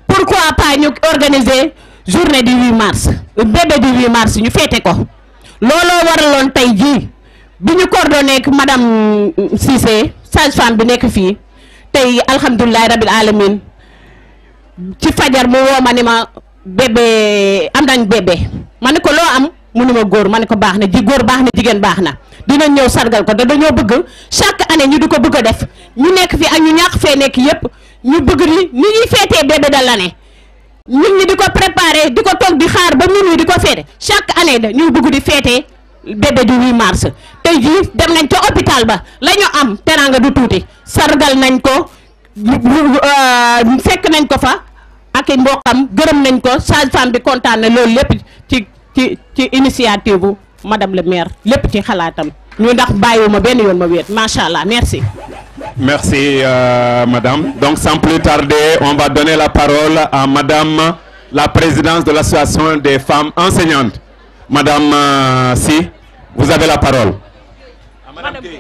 pourquoi pas ñu organiser journée du 8 mars bébé du 8 mars ñu fêter ko looloo waraloon tey jii bi ñu coordonné ak madame euh, Cissé sage-femme bi nekk fii tey alhamdulilah rabil alamin ci fajar mu woo ma ni ma bébé am nañ bébé ma ne ko loo am mu ni ma góor ma ne ko baax na ji góor baax na jigéen baax na dinañ ñëw sargal ko da dañoo bëgg chaque année ñu di ko bëgg a def ñu nekk fi ak ñu ñàkk fee nekk yépp ñu bëgg ni ni feetee bébé de l'année nit di ko préparer di ko toog di xaar ba minuit di ko feete chaque année da ñu bëgg di feetee bébé du mars tey jii dem nañ ca hôpital ba la ñu am teraanga du tuuti sargal nañ ko euh, fekk nañ ko fa ak i mbokkam gërëm nañ ko sage-femme bi kontaan na loolu lépp ci ci ci initiative bu madame le maire lépp ci xalaatam ñu ndax bàyyiwuma benn yoon ma wéet macha allah merci. merci euh, madame donc sans plus tarder on va donner la parole à madame la présidente de l'association des femmes enseignantes madame euh, Si vous avez la parole. Ah, madame madame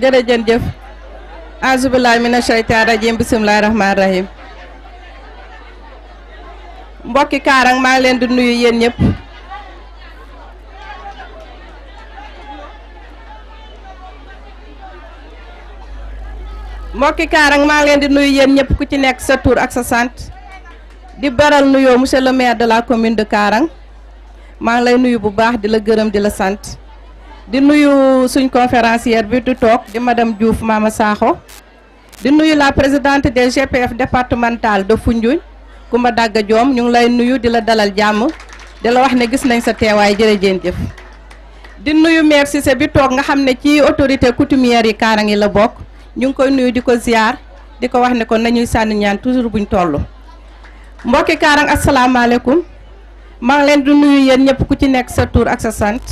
jërëjën jëf azubilahi mina sheytaan rajim bisimilahi rahmaani rahim mbokki kaarang maa ngi leen di nuyu yéen ñëpp mbokki kaarang maa ngi leen di nuyu yéen ñëpp ku ci nekk sa tuur ak sa sant di beral nuyoo monsieur le maire de la commune de Kaarang maa ngi lay nuyu bu baax di la gërëm di la sant di nuyu suñ conférencière bi du toog di madame Diouf Mama Sakho di nuyu la présidente des GPF départemental de Foundiougne Kumba dagg Joom ñu ngi lay nuyu di la dalal jàmm di la wax ne gis nañ sa teewaay jërëjeen jëf di nuyu meer si Cissé bi toog nga xam ne ci autorité coutumière yi Kaarang la bokk ñu ngi koy nuyu di ko ziar di ko wax ne ko nañuy sànni ñaan toujours buñ toll mbokki Kaarang asalaamaaleykum maa ngi leen di nuyu yéen ñëpp ku ci nekk sa tur ak sa sant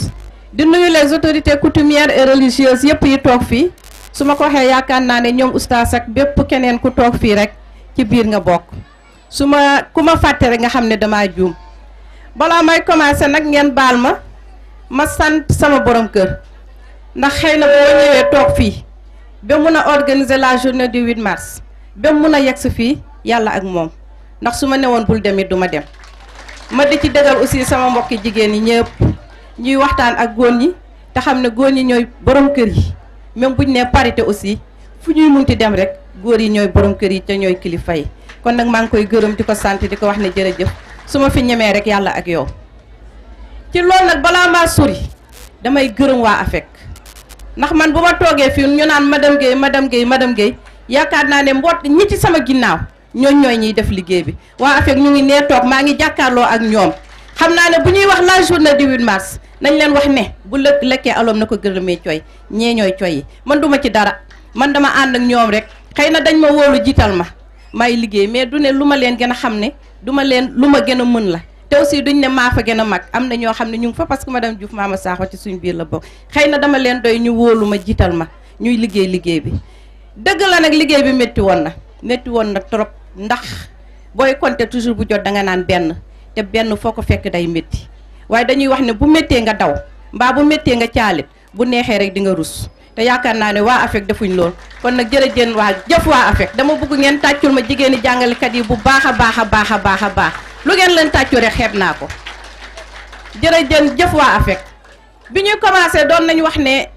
di nuyu les autorités coutumières et religieuses yëpp yi toog fii su ma ko waxee yaakaar naa ne ñoom oustaz ak bépp keneen ku toog fii rek ci biir nga bokk su ma ku ma fàtte rek nga xam ne damaa juum balaa may commencé nag ngeen baal ma ma sant sama borom kër ndax xëy na boo ñëwee toog fii ba mun a organiser la journée du 8 mars ba mun a yegsi fii yàlla ak moom ndax su ma newoon bul demit du ma dem ma di ci dëgal aussi sama mbokki jigéen ñi ñëpp ñuy waxtaan ak góor ñi te xam ne góor ñi ñooy borom kër yi même bu ñu nee parité aussi fu ñuy munti dem rek góor yi ñooy borom kër yi te ñooy kilifa yi kon nag maa ngi koy gërëm di ko sant di ko wax ne jërëjëf su ma fi ñemee rek yàlla ak yow. ci loolu nag balaa maa sori damay gërëm waa AFEC ndax man bu ma toogee fii ñu naan ma ma Guèye madame ma madame Guèye yaakaar naa ne mboot ñi ci sama ginnaaw ñooñ ñooy ñiy def liggéey bi waa AFEC ñu ngi nee toog maa ngi jàkkaarloo ak ñoom xam naa ne bu ñuy wax la journée du 8 nañ leen wax ne bu lëkk lekkee aloom na ko gërëmee coy ñee ñooy coy yi man duma ci dara man dama ànd ak ñoom rek xëy na dañ ma wóolu jiital ma may liggéey mais du ne lu ma leen gën a xam ne du ma leen lu ma gën a mën la te aussi duñ ne maa fa gën a mag am na ñoo xam ne ñu ngi fa parce que madame Diouf maama Sakho ci suñu biir la bokk xëy na dama leen doy ñu wóolu ma jiital ma ñuy liggéey liggéey bi dëgg la nag liggéey bi métti woon na métti woon na trop ndax booy compter toujours bu jot da nga naan benn te benn foo ko fekk day métti waaye dañuy wax ne bu méttee nga daw mbaa bu méttee nga caalit bu neexee rek di nga rus te yaakaar naa ne waa AFEC defuñ lool kon nag jërëjëf waa jëf waa AFEC dama bëgg ngeen tàccul ma jigéeni jàngalekat yi bu baax a baax a baax a baax a baax lu ngeen leen tàccu rek xeeb naa ko jërëjëf jëf waa AFEC bi ñuy commencé doon nañu wax ne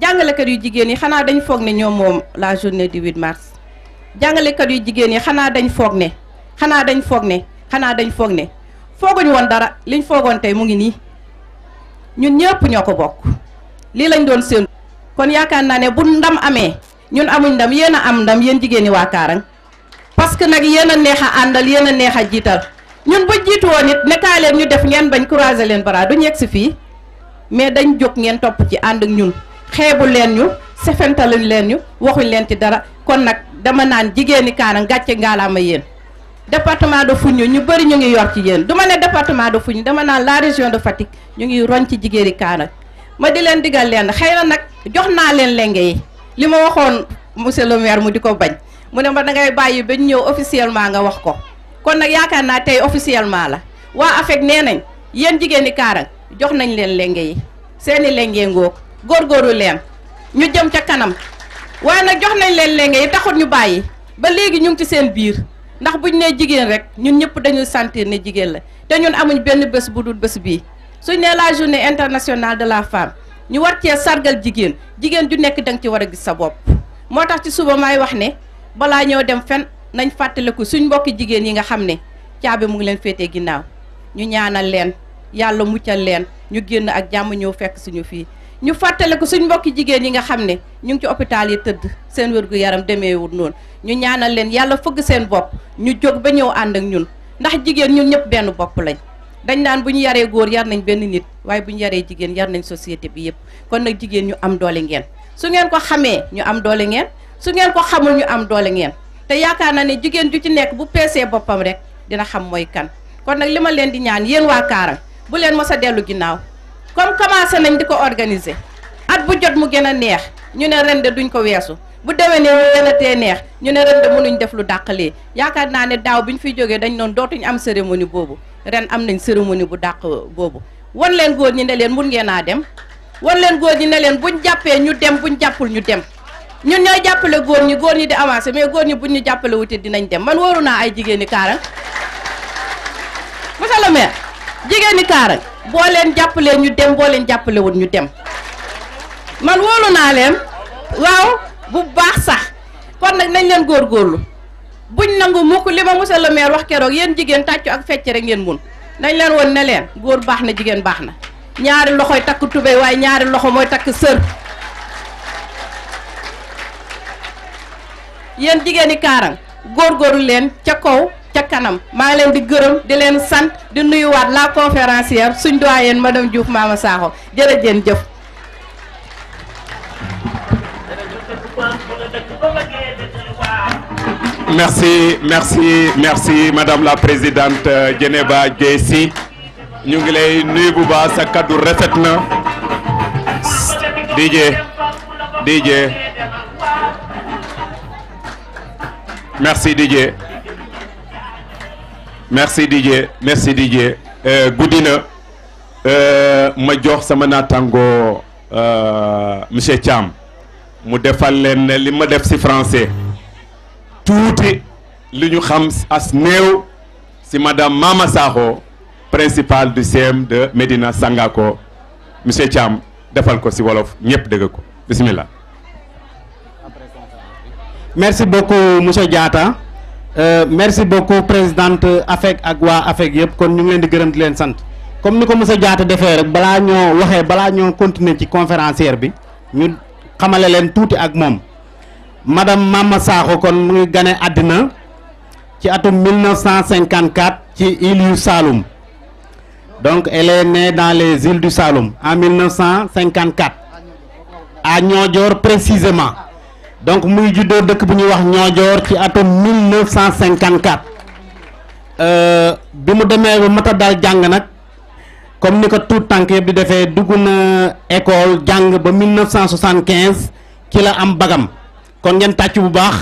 jàngalekat yu jigéen yi xanaa dañu foog ne ñoom moom la journée du 8 mars jàngalekat yu jigéen yi xanaa dañ foog ne xanaa dañ foog ne xanaa dañ foog ne fooguñu woon dara liñ foogoon tey mu ngi nii ñun ñëpp ñoo ko bokk lii lañ doon séentu kon yaakaar naa ne bu ndam amee ñun amuñ ndam yéen a am ndam yéen jigéen ñi waa Kaarang parce que nag yéen a neex a àndal yéen a neex a jiital ñun bu jiitu woon it nekkaa leen ñu def ngeen bañ croiser leen bara du ñegg si fii mais dañ jóg ngeen topp ci ànd ak ñun xeebu leen ñu sefentaluñ leen ñu waxuñ leen ci dara kon nag dama naan jigéeni Kaarang gàcce ngaalaama yéen département de Foundiougne ñu bari ñu ngi yor ci yéen du ne département de Foundiougne dama naa la région de Fatick ñu ngi roñ ci jigéeri Kaana ma di leen digal leen xëy na nag jox naa leen lenge yi li ma waxoon monsieur le maire mu di ko bañ mu ne ma dangay bàyyi ba ñu ñëw officiellement nga wax ko kon nag yaakaar naa tey officiellement la waa AFEC nee nañ yéen jigéeni Kaarang jox nañ leen lenge yi seeni lenge ngoog góorgóorlu leen ñu jëm ca kanam waaye nag jox nañ leen lenge yi taxut ñu bàyyi ba léegi ñu ngi ci seen biir ndax buñ nee jigéen rek ñun ñëpp dañuy sentir ne jigéen la te ñun amuñ benn bés bu dul bés bii suñ nee la journée internationale de la femme ñu war cee sargal jigéen jigéen ju nekk danga ci war a gis sa bopp moo tax ci suba maay wax ne balaa ñoo dem fen nañ fàttaliku suñ mbokki jigéen yi nga xam ne caabi mu ngi leen féetee ginnaaw ñu ñaanal leen yàlla muccal leen ñu génn ak jàmm ñëw fekk suñu fii ñu fàttale ko suñ mbokki jigéen yi nga xam ne ñu ngi ci hôpital yi tëdd seen wérgu yaram demeewul noonu ñu ñaanal leen yàlla fëgg seen bopp ñu jóg ba ñëw ànd ak ñun ndax jigéen ñun ñëpp benn bopp lañ dañ naan bu ñu yaree góor yar nañ benn nit waaye bu ñu yaree jigéen yar nañ société bi yëpp kon nag jigéen ñu am doole ngeen su ngeen ko xamee ñu am doole ngeen su ngeen ko xamul ñu am doole ngeen te yaakaar na ne jigéen ju ci nekk bu peesee boppam rek dina xam mooy kan kon nag li ma leen di ñaan yéen waa Kaaral bu leen mos dellu ginnaaw comme commencé nañ di ko organiser at bu jot mu gën a neex ñu ne ren de duñ ko weesu bu déwénee mu gën a tee neex ñu ne ren de mënuñ def lu dàqalee yaakaar naa ne daaw bi ñu fiy jógee dañ noon dootuñ am cérémonie boobu ren am nañ cérémonie bu dàq boobu wan leen góor ñi ne leen mun ngeen a dem wan leen góor ñi ne leen buñ jàppee ñu dem buñ jàppul ñu dem ñun ñooy jàppale góor ñi góor ñi di avancé mais góor ñi buñ ñu jàppale wuti dinañ dem man wóoru naa jigéen i kaarang monsieur le maire jigéen boo leen jàppalee ñu dem boo leen jàppalewoon ñu dem man wóolu naa leen waaw bu baax sax kon nag nañ leen góor góorgóorlu buñ nangu mukk li ma monsieur le maire wax keroog yéen jigéen tàccu ak fecc rek ngeen mun nañ leen woon ne leen góor baax na jigéen baax na ñaari loxo takk tubéy waaye ñaari loxo mooy takk sër yéen jigéeni kaarang góorgóorlu leen ca kaw ca kanam maa leen di gërëm di leen sant di nuyuwaat la conférencière suñ doyen madame Diouf Mama Sakho jërëjëf jëf. merci merci merci madame la président euh, Djeneba Dieye Sy ñu ngi lay nuyu bu baax sa kaddu rafet na DJ DJ merci DJ. merci DJ merci DJ euh, guddi na euh, ma jox sama naataango euh, monsieur Thiam mu defal leen ne li ma def si français tuuti li ñu xam as néew si madame Mama Sakho principale du CM de Médina Sangako monsieur Thiam defal ko si wolof ñëpp dëgg ko bismillah merci beaucoup monsieur Diatta Euh, merci beaucoup présidente AFEC ak waa AFEC yëpp kon ñu ngi leen di gërëm di leen sant comme ni ko Moussa jaata defee rek balaa ñoo waxee balaa ñoo continuer ci conférencière bi ñu xamale leen tuuti ak moom madame Mama Sakho kon mu ngi gane àddina ci atum 1954 ci île yu Saloum donc elle est née dans les îles du Saloum en 1954 à Niodior précisément donc muy juddoo dëkk bu ñuy wax ñoojoor ci atum 1954 euh, bi mu demee ba mata daal jàng nag comme ni ko tout tànk yëpp di defee dugg na école jàng ba 1975 ci la am bagam kon ngeen tàcc bu baax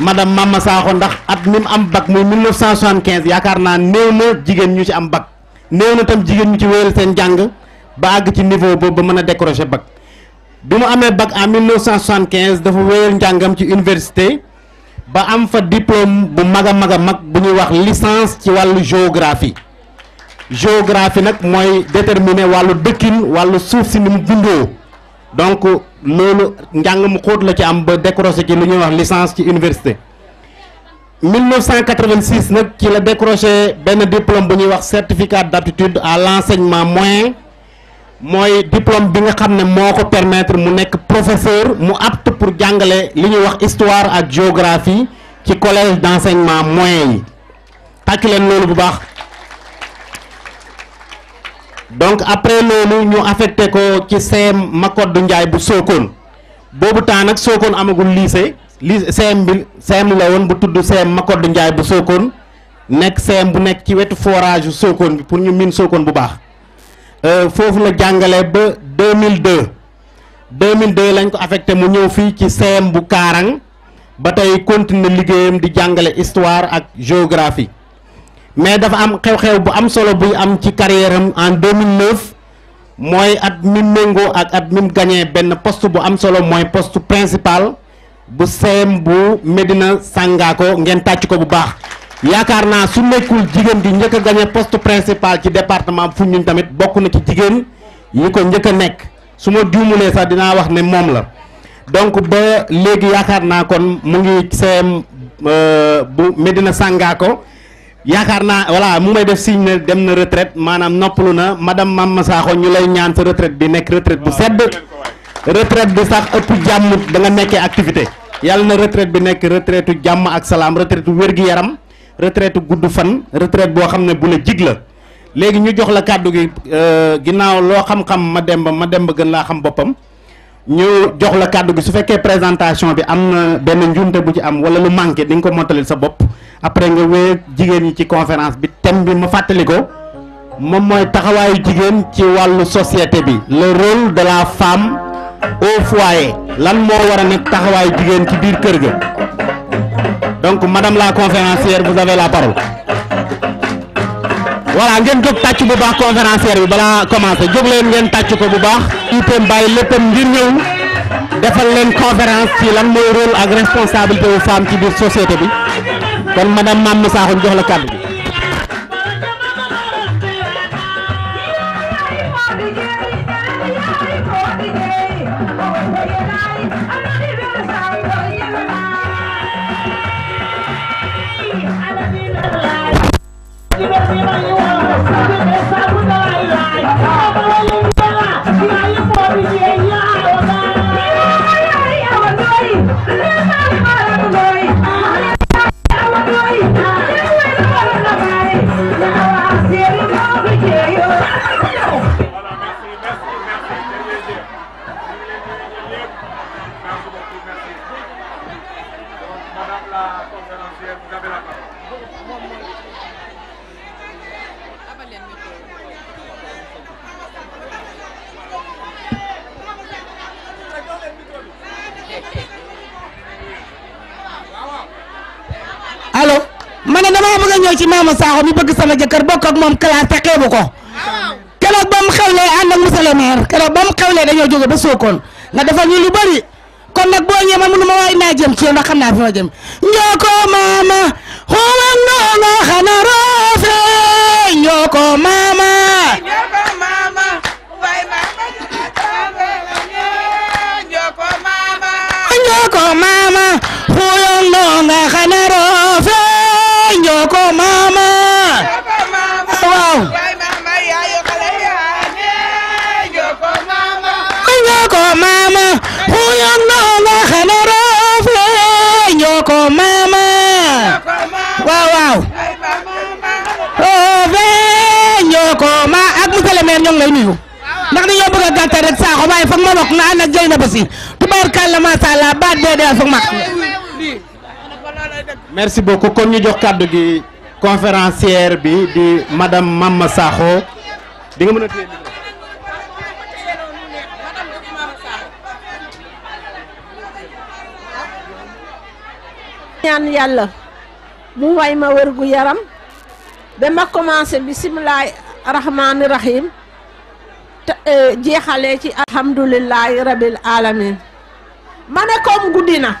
madame Mama Sakho ndax at mi mu am bag muy 1975 yaakaar naa néew na jigéen ñu ci am bag néew na tam jigéen ñu ci wéyal seen jàng ba àgg ci niveau boobu ba mën a décrocher bag. bi mu amee bac en 1975 dafa wéyal njàngam ci université ba am fa diplôme bu mag a mag a mag bu ñuy wax licence ci wàllu géographie géographie nag mooy déterminer wàllu dëkkin wàllu suuf si ni mu bindoo donc loolu njàng mu xóot la ci am ba décroché ci lu ñuy wax licence ci université 1986 nag ci la décroché benn diplôme bu ñuy wax certificat d' aptitude à l' enseignement moyen mooy diplôme bi nga xam ne moo ko permettre mu nekk professeur mu apte pour jàngale li ñuy wax histoire ak géographie ci collège d'enseignement moyen yi tàcc leen loolu bu baax donc après loolu ñu affecté ko ci CM Makoddu Njaay bu Sokone boobu temps nag Sokone amagul lycée lycée CM bi CM la woon bu tudd CM Makoddu Njaay bu sookoon nekk CM bu nekk ci wetu forage yu Sokone bi pour ñu miin sookoon bu baax Euh, foofu la jàngale ba 2002 2002 lañ ko affecté mu ñëw fii ci CEM bu Kaarang ba tey continuer liggéeyam di jàngale histoire ak géographie mais dafa am xew-xew bu am solo buy am ci carrière am en 2009 mooy at mi méngoo ak at mi gagné benn poste bu am solo mooy poste principal bu CEM bu Medina Sàngaako ngeen tàcc ko bu baax. yaakaar naa su nekkul jigéen di njëkk a gagné poste principal ci département Foundiougne tamit bokk na ci jigéen yi ko njëkk a nekk su ma juumulee sax dinaa wax ne moom la donc ba léegi yaakaar naa kon mu ngi CM euh, bu Medina Sàngaako yaakaar naa voilà mu may def signe ne dem na retraite maanaam noppalu na madame Mama Sakho ñu lay ñaan sa retraite bi nekk retraite bu ah, sedd retraite bi sax ëpp jàmm ba nga nekkee activité yàlla na retraite bi nekk retraite jàmm ak salaam retraite wér-gi-yaram retraite gudd fan retraite boo xam ne bu la jig la léegi ñu jox la kàddu gi euh, ginnaaw loo xam-xam ma demba ma dem ba gën laa xam boppam ñu jox la kàddu gi su fekkee présentation bi am na benn njuumte bu ci am wala lu manqué di nga ko sa bopp après nga wéy jigéen ñi ci conférence bi thème bi ma fàttali ko moom mooy taxawaayu jigéen ci wàllu société bi le rôle de la femme au foyer lan moo war a nekk taxawaayu jigéen ci biir kër ga donc madame la conférencière vous avez la parole voilà ngeen jóg tàcc bu baax conférencière bi balaa commencé jóg leen ngeen tàcc ko bu baax IPM bàyyi léppam ngir ñëw defal leen conférence ci lan mooy rôle ak responsabilité wu ci biir société bi kon madame Mame Sakho jox la kàddu bi Thank you. damaa a ñëw ci Mama Sakho mi sama jëkkër bokk ak moom classe te xeebu ko keroog ba mu xewlee ànd nga defal ñu lu naa jëm ci yow ndax xam naa fi ma jëm ñoo ko maama xuma noona xana xana roofe ko maama waaw ñoko maama huyang no maama ak monsieur le maire ñoo ngi ndax ni ñoo bëgg a gàttal rek saako waaye foog ma bokk nga ànd ak Dieynaba Sy tubaarkalla maa sha Allah baat bee dee foog ma merci beaucoup kon ñu jox kàddu gi conférencière bi di madame Mama Sakho di nga mën a téye ñaan yàlla mu way ma wér gu yaram ba ma commencé bisimilah rahmaani rahim te eh, jeexalee ci alhamdulilahi rabil alamin ma ne comme guddi na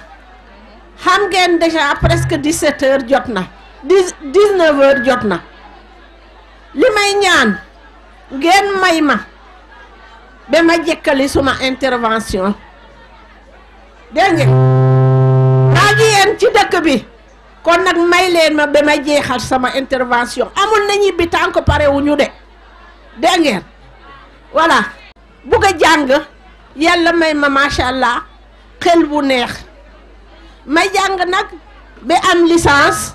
xam ngeen déjà presque 17 heures jot na dix 19 heures jot na li may ñaan ngeen may ma ba ma jëkkali suma intervention dégg ngeen maa ngi yéen ci dëkk bi kon nag may leen ma ba ma jeexal sama intervention amul na ñibbi tànk parewuñu de dégg ngeen voilà bugg a jàng yàlla may ma macha allah xel wu neex. ma jàng nag ba am licence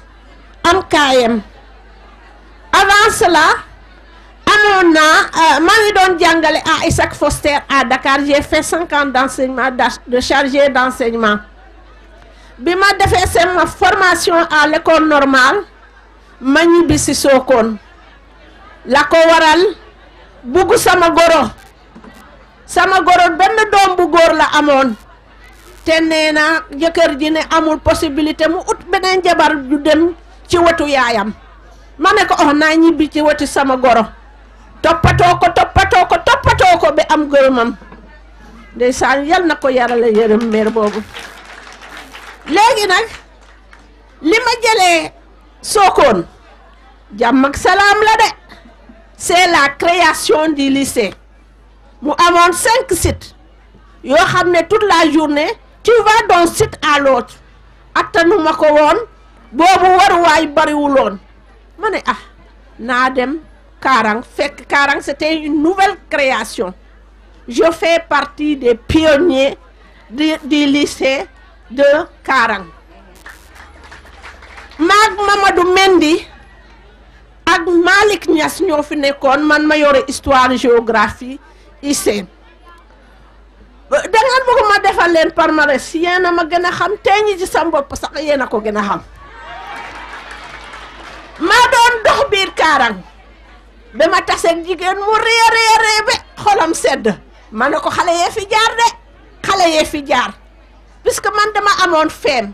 am kaayam avant cela amoon naa euh, ma ngi doon jàngale à Isaac Foster à Dakar j'ai fait cinq d'enseignement de chargé d'enseignement bi ma defee sama formation à l'école normale ma ñibbi si Sokone la ko waral bugg sama goro sama goro benn doom bu góor la amoon te nee na jëkkër ji ne amul possibilité mu ut beneen jabar ju dem ci wetu yaayam ma ne ko oh naa ñibbi ci wetu sama goro toppatoo ko toppatoo ko bi am gërëmam ndeysaan yal na ko yarale yërëm meer boobu léegi nag li ma jëlee sookoon jàmm ak salaam la de c'est la création du lycée mu amoon cinq sites yoo xam ne tout la journée tu vas d'un site à l'autre attanuma ko woon boobu waruwaay bariwuloon ma ne ah naa dem Karang fekk Karang c'était une nouvelle création je fais partie des pionniers du, du lycée de Karang maag Mamadou Mendy ak Malick Niass ñoo fi nekkoon man ma yore histoire géographie ISEN dangeen bëgg defal leen palmarès yéen a ma gën a xam tey ñi ci sa bopp sax yéen a ko gën a xam maa doon dox biir Kaarang ba ma jigéen mu rëy rëy rëy ba xolam sedd man ne ko xale yee fi jaar de xale yee fi jaar que man dama amoon feem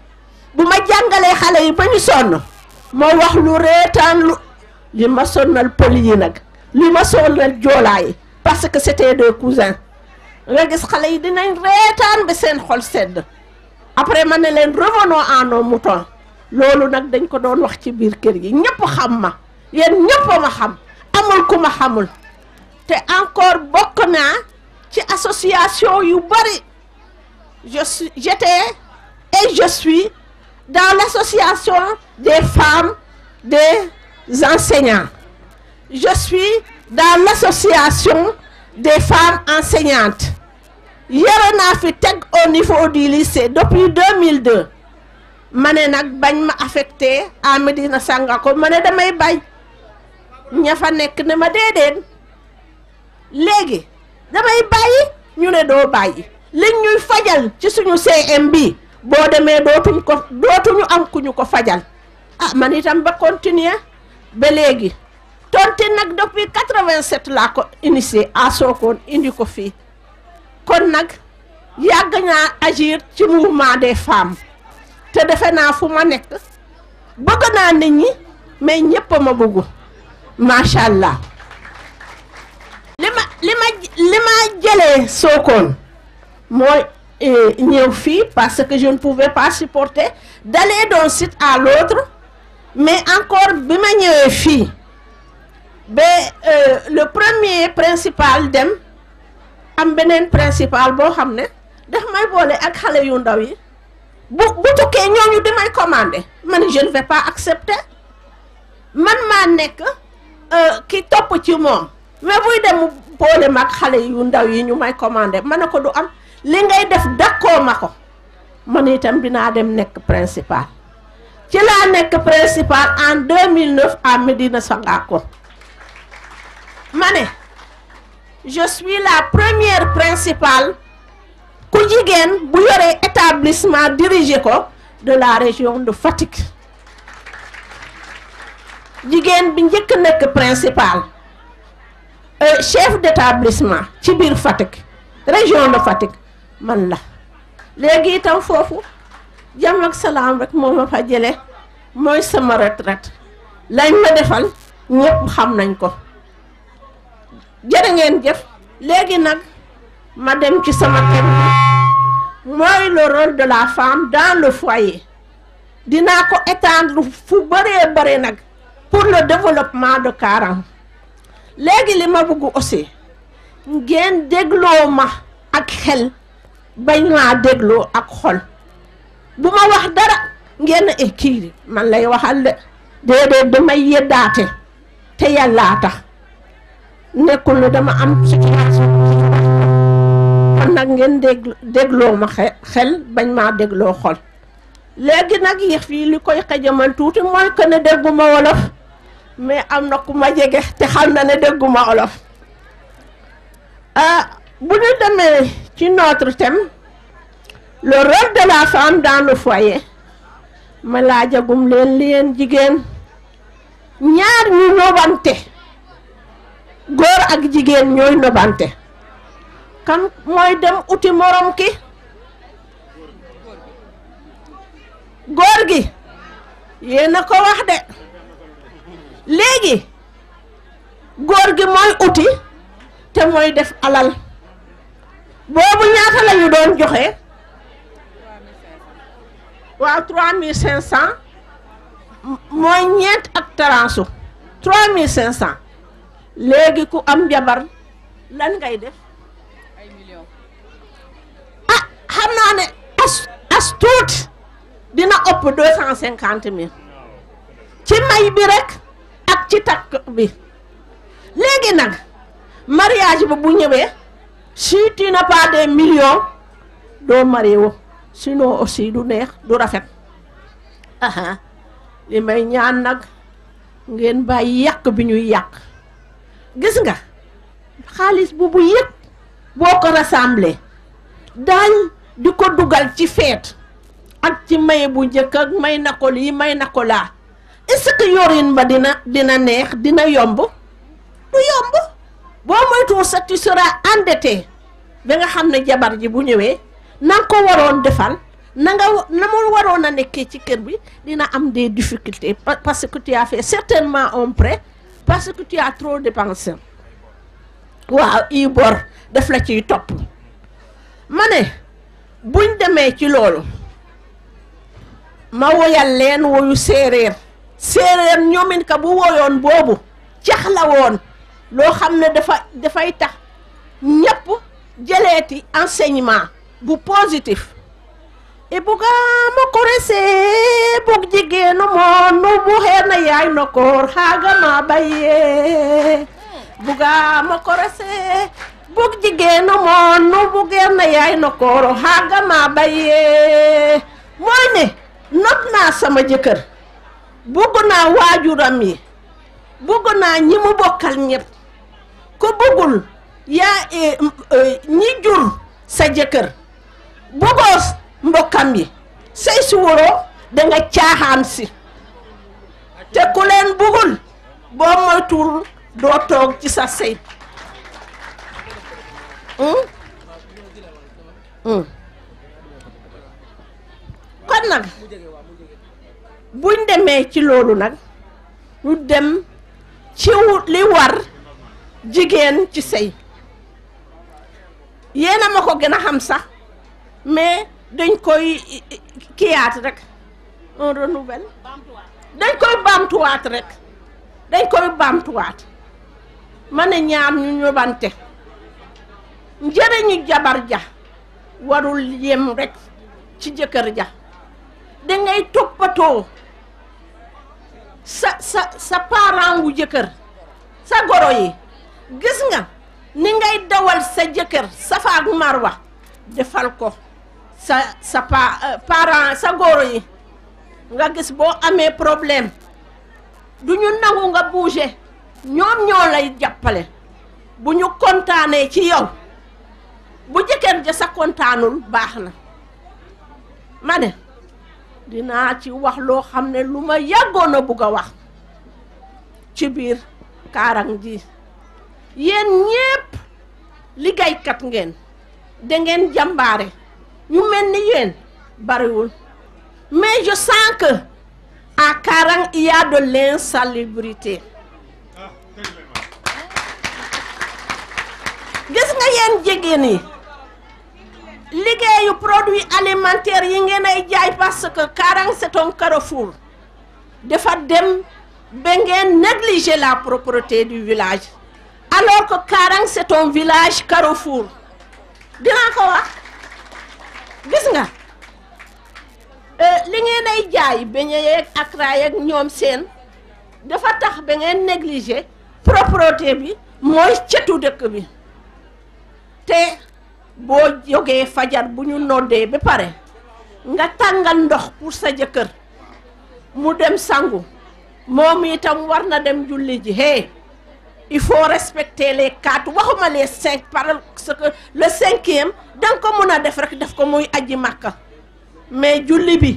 bu ma jàngalee xale yi ba ñu sonn moo wax lu reetaan lu li ma sonnal pël yi nag li ma sonnal joolaa parce que c'était des cousins nga gis xale yi dinañ reetaan ba seen xol sedd après ma ne leen revenons à nos moutons loolu nag dañ ko doon wax ci biir kër gi ñëpp xam ma yéen ñëpp ma xam amul ku ma xamul te encore bokk naa ci association yu bari je suis j'étais et je suis dans l'association des femmes des enseignants je dans l'association des femmes enseignantes yore naa fi teg au niveau du lycée depuis 2002 ma ne nag bañ ma affecté à Medina Sàngako ma ne damay bañ ña fa nekk ne ma déedéet léegi damay bàyyi ñu ne doo bàyyi liñ ñuy fajal ci suñu CM bi boo demee dootuñ ko dootuñu am ku ko fajal ah man itam ba continuer ba léegi tonte nag depuis 87 laa ko initié à Sokone indi ko fii kon nag yàgg naa agir ci mouvement des femmes te defe naa fu ma nekk bëgg naa nit ñi mais ñëpp ma bëggu macha allah li ma li ma li ma jëlee Sokone mooy eh, ñëw fii parce que je ne pouvais pas supporter d'aller d'un site à l'autre mais encore bi ma ñëwee fii ba euh, le premier principal dem am beneen principal boo xam ne daf may boole ak xale yu ndaw yi bu bu tukkee ñooñu damay commandé man je ne vais pas accepter man maa nekk euh, ki topp ci moom mais buy dem mu boole ma ak xale yu ndaw yi ñu may commandé ma ne ko du am li ngay def dakkoo ma ko man itam naa dem nekk principal ci laa nekk principal en mille 2009 à Medina Sangakon ma ne je suis la première principale ku jigéen bu yoree établissement dirigé ko de la région de Fatick jigéen bi njëkk nekk principal euh, chef d'établissement ci biir Fatick région de Fatick man la léegi itam foofu jàmm ak salaam rek moo ma fa jële mooy sama retraite lañ ma defal ñëpp xam nañ ko jërë ngeen jëf léegi nag ma dem ci sama thème bi mooy le rôle de la femme dans le foyer dinaa ko étendre fu bëree bëri nag pour le développement de Karang léegi li ma bëgg aussi ngeen dégloo ma ak xel bañ maa dégloo ak xol bu ma wax dara ngeen e man lay waxal de déedéet damay yeddaate te yàllaa tax nekkul ne dama am situation nag ngeen dégg dégloo ma xel bañ maa dégloo xol léegi nag yéex fii li koy xajaman tuuti mooy que ne dégguma wolof mais am na ku ma jege te xam na ne dégguma wolof ah, bu ñu demee ci notre thème le rôle de la femme dans le foyer leen leen jigéen ñaar ñu ñëwante góor ak jigéen ñooy nobante kan mooy dem uti morom ki góor gi yéen ko wax de léegi góor gi mooy uti te mooy def alal boobu ñaata la doon joxe waaw trois mille cinq cent mooy ñeent ak taransu léegi ku am jabar lan ngay def ay million ah xam naa ne as tuut dina ëpp deux cinquante mille ci may bi rek ak ci takk bi léegi nag mariage bi bu ñëwee si tu n'as pas des millions doo marié sinon aussi du neex du rafet li may ñaan nag ngeen bàyyi yàq bi ñuy yàq gis nga xaalis boobu yëpp boo ko rassemblé daañ di ko dugal ci feet ak ci may bu njëkk ak may na ko lii may na ko laa est-ce que yorin ba dina dina neex dina yomb du yomb boo moytuwul sa tu seras ba nga xam ne jabar ji bu ñëwee na nga ko waroon defal na nga na mu waroon a nekkee ci kër bi dina am des difficultés parce que tu as fait certainement un prêt parce que tu as trop dépensé waaw i bor la ciy topp ma ne buñ demee ci loolu ma woyal leen woyu séeréer séeréer ñoomin bu woyoon boobu cax la woon loo xam ne dafa dafay tax ñépp jëleeti enseignement bu positif ibugaamo korese bug jigeeno moonu buheena yaay no koor haagama baye bugaamo korese bug jigeeno moonu bugeena yaay no kooro haagama baye mooy ne nopp naa sama jëkkër bugg naa waajuram yi bugg naa ñi mu bokkal ñëpp ku buggul yaa eh, eh, ñi jur sa jëkkër buggoos mbokkam yi say si wuroo danga caaxaan si te ku leen bugul boo moytuwul doo toog ci sa sëy hmm? Hmm. kon nag buñ demee ci loolu nag ñu dem ci li war jigéen ci sëy yéena ma ko gën a xam sax mais dañ koy kiyaat rek on renouvelle dañ koy baamtuwaat rek dañ koy baamtuwaat ma ne ñaar ñu ñobante njëriñu jabar ja warul yem rek ci jëkkër ja dangay toppatoo sa sa sa parent wu jëkkër sa goro yi gis nga ni ngay dawal sa jëkkër safaak wa defal ko sa sa pa eh, parent sa góor yi nga gis boo amee problème du ñu nangu nga bouger ñoom ñoo lay jàppale bu ñu kontaanee ci yow bu jëkkër ja sa kontaanul baax na ma ne dinaa ci wax loo xam ne lu ma yàggoon a bugg a wax ci biir kaarang ji yéen ñépp liggéeykat ngeen dangeen ngeen jàmbaare ñu mel ni yéen bariwul mais je sens que à Karang il y a de gis nga yéen jigéen yi liggéeyu produits alimentaires yi ngeen ay jaay parce que Karang c'est un dafa dem ba ngeen négliger la propreté du village alors que Karang c'est village carrefour dinaa ko wax gis nga euh, li ngeen ay jaay beñe yeeg akra yeeg ñoom seen dafa tax ba ngeen négliger propreté bi mooy cetu dëkk bi te boo jógee fajar bu ñu noddee ba pare nga tàngal ndox pour sa jëkkër mu dem sangu moom itam war na dem julli ji hee il faut respecter le quatre waxuma les cinq le cinquième danga ko mun a def rek def ko muy aji màkka mais julli bi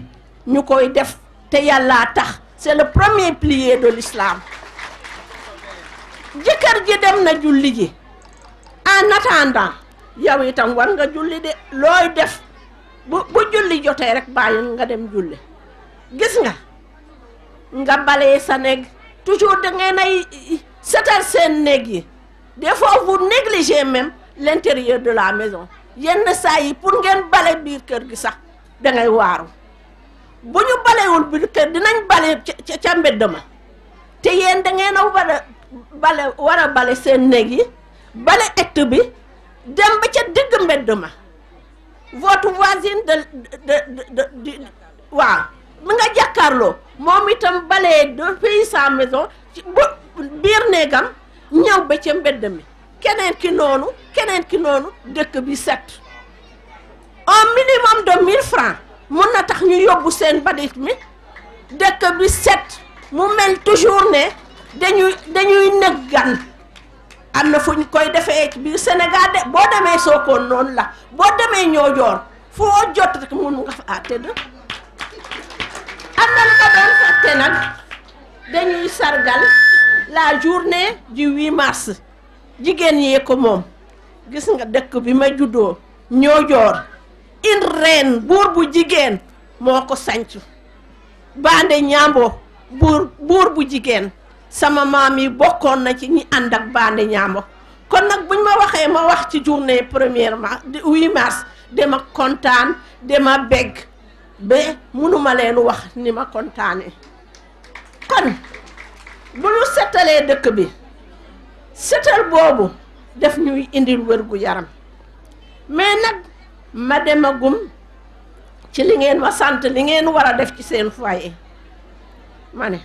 ñu koy def te yàllaa tax c'est le premier pilier de l'islam jëkkër ji dem na julli ji en attendant yow itam war nga julli de looy def bu bu julli jotee rek bàyyi nga dem julli gis nga nga balee sa néeg toujours da ngay nay setal seen néeg yi des fois vous négligez l'intérieur de la maison yenn saa yi pour ngeen bale biir kër gi sax dangay ngay waaru bu ñu balewul biir kër dinañ bale ca mbedd ma te yéen da ngeen bale war bale seen néeg yi bale ëtt bi dem ba ca digg mbedd ma votre voisine de de de de waaw mi nga jàkkaarloo moom itam bale depuis sa maison bu. biir néegam ñëw ba ca mbedd mi keneen ki noonu keneen ki noonu dëkk bi set un minimum de mille francs mun na tax ñu yóbbu seen badit mi dëkk bi set mu mel toujours ne dañuy dañuy nëg am na fu ñu koy defee ci biir Sénégal de boo demee Sokone noonu la boo demee Niodior foo jot rek mun am na lu ko doon fàtte nag dañuy sargal la journée ji 8 mars jigéen yee ko moom gis nga dëkk bi ma juddoo ñoo joor une reine buur bu jigéen moo ko sanc bande ñaambo buur buur bu jigéen sama maam yi bokkoon na ci ñi ànd ak bande ñaambo kon nag buñ ma waxee ma wax ci journée premièrement de 8 mars dama kontaan dama bégg ba mënuma leen wax ni ma kontaanee kon bu ñu setalee dëkk bi setal boobu def ñuy indil wér gu yaram mais nag ma demagum ci li ngeen ma sant li ngeen war a def ci seen foyer ma ne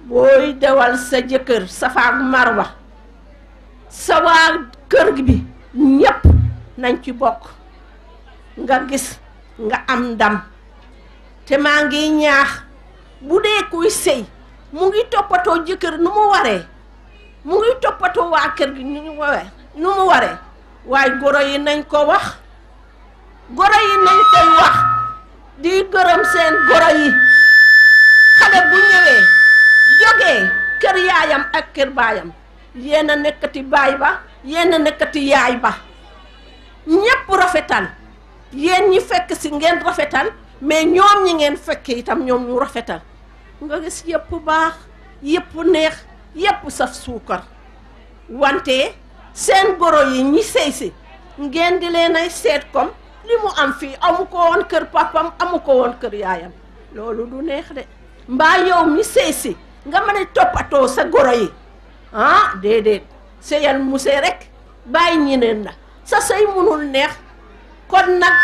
booy dewal sa jëkkër mar marwa sa waa kër bi ñépp nañ ci bokk nga gis nga am ndam te maa ngi ñaax bu dee kuy sëy mu ngi toppatoo jëkkër nu mu waree mu ngi toppatoo waa kër gi nu mu waree waaye goro yi nañ ko wax goro yi nañ koy wax di këram seen goro yi xale bu ñëwee jógee kër yaayam ak kër baayam yéen a nekkati baay ba yéen a nekkati yaay ba ñépp rafetal yéen ñi fekk si ngeen rafetal mais ñoom ñi ngeen fekk itam ñoom ñu rafetal nga gis yëpp baax yëpp neex yëpp saf suukar wante seen goro yi ñi seysi si ngeen di leen ay seet comme li mu am fii amu ko woon kër papam amu ko woon kër yaayam loolu du neex de mbaa yow mi sëy nga mën a toppatoo sa goro yi ah déedéet sëyal muse rekk bàyyi ñeneen la sa sëy munul neex kon nag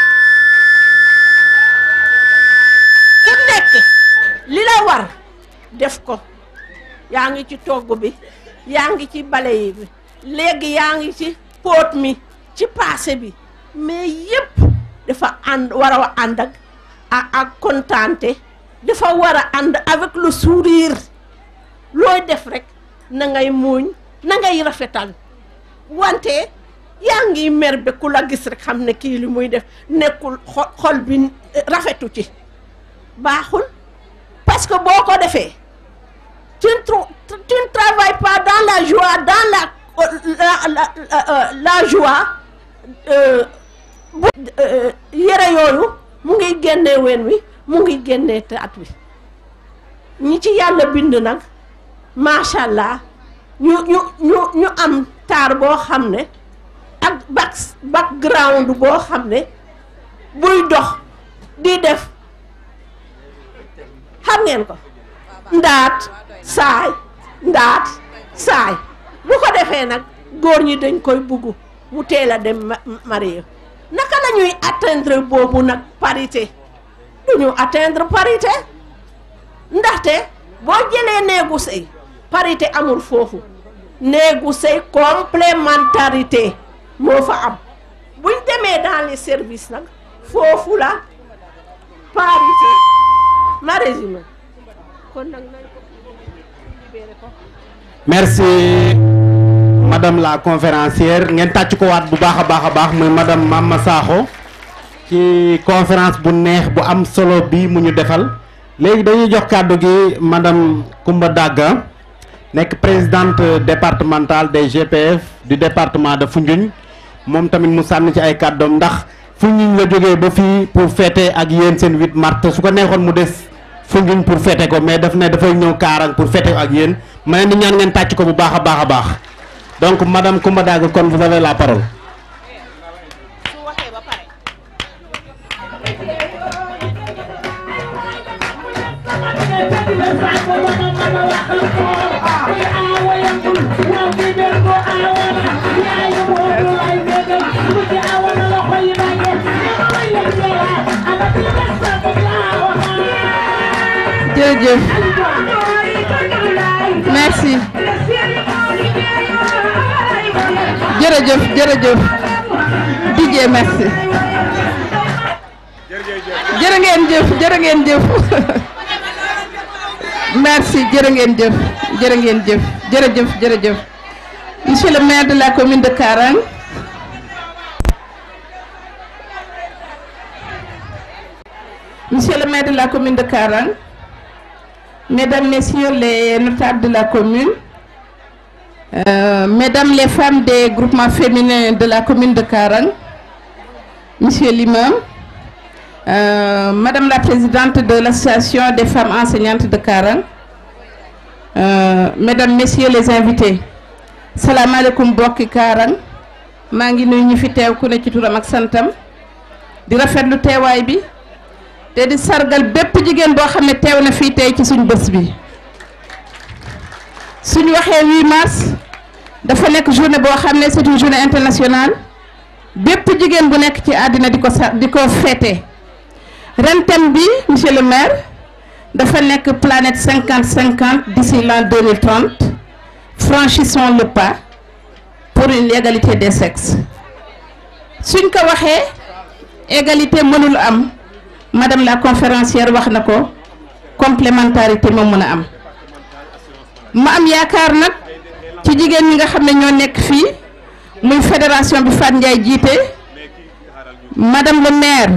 ku nekk li la war def ko yaa ngi ci togg bi yaa ngi ci bale yi bi léegi yaa ngi ci póot mi ci paase bi mais yépp dafa ànd war a ànd ak ak kontaante dafa war a ànd avec le sourire looy def rek na ngay muuñ na rafetal wante yaa ngi mer ba ku la gis rek xam ne kii li muy def nekkul xol bi rafetu ci baaxul parce que boo ko defee tu ne tu dans la joie dans la la la la, euh, joie euh, euh, yére yooyu mu ngi génnee ween wi mu ngi génnee taat wi ñi ci yàlla bind nag macha allah ñu ñu ñu ñu am taar boo xam ne ak back background boo xam ne buy dox di def. xam ngeen ko ndaat saay ndaat saay bu ko defee nag góor ñi dañ koy bugg mu teel a dem marié naka la ñuy boobu nag parité du ñu parité ndaxte boo jëlee néegu sëy parité amul foofu néegu sëy complémentarité moo fa am buñ demee dans les services nag foofu la parité kon nag nañ ko madame la conférencière ngeen tàcc ko waat bu baax a baax a baax muy madame Mama Sakho ci conférence bu neex bu am solo bii mu ñu defal léegi dañuy jox kàddu gi madame Koumba Daga nekk présidente départementale de GPF du département de Foundiougne moom tamit mu sànni ci ay kàddoom ndax Foundiougne la jógee ba fii pour fêter ak yéen seen wit mars su ko neexoon mu des Foundiougne pour fêter ko mais daf ne dafay ñëw Kaarang pour fêter ak yéen ma leen di ñaan ngeen tàcc ko bu baax a baax a baax donc madame Coumba Daga kon vous avez la parole. jërëjëf merci jërëjëf jërëjëf DJ merci jërë ngeen jëf jërë ngeen jëf merci jërë ngeen jëf jërë ngeen jëf jërëjëf jërëjëf monsieur le maire de la commune de Karang Monsieur le maire de la commune de Karang, Mesdames, Messieurs les notables de la commune, euh, Mesdames les femmes des groupements féminins de la commune de Karang, Monsieur l'imam, euh, Madame la présidente de l'association des femmes enseignantes de Karang, euh, Mesdames, Messieurs les invités, Salam alaikum Boki Karang, maa ngi nuyu ñu fi teew ku ne ci turam ak santam di rafetlu teewaay bi te di sargal bépp jigéen boo xam ne teew na fii tey ci suñ bés bi suñ waxee 8 mars dafa nekk journée boo xam ne c'est une journée internationale bépp jigéen bu nekk ci àddina di ko sa di ko féete ren thème bi monsieur le maire dafa nekk planète cinquante cinquante d'ici l'an 2030 franchissons le pas pour une égalité des sexes suñ ko waxee égalité mënul am madame la conférencière wax na ko complémentarité moom mën a am ma am yaakaar nag ci jigéen ñi nga xam ne ñoo nekk fii muy fédération bi Fatou Ndiaye jiite madame le maire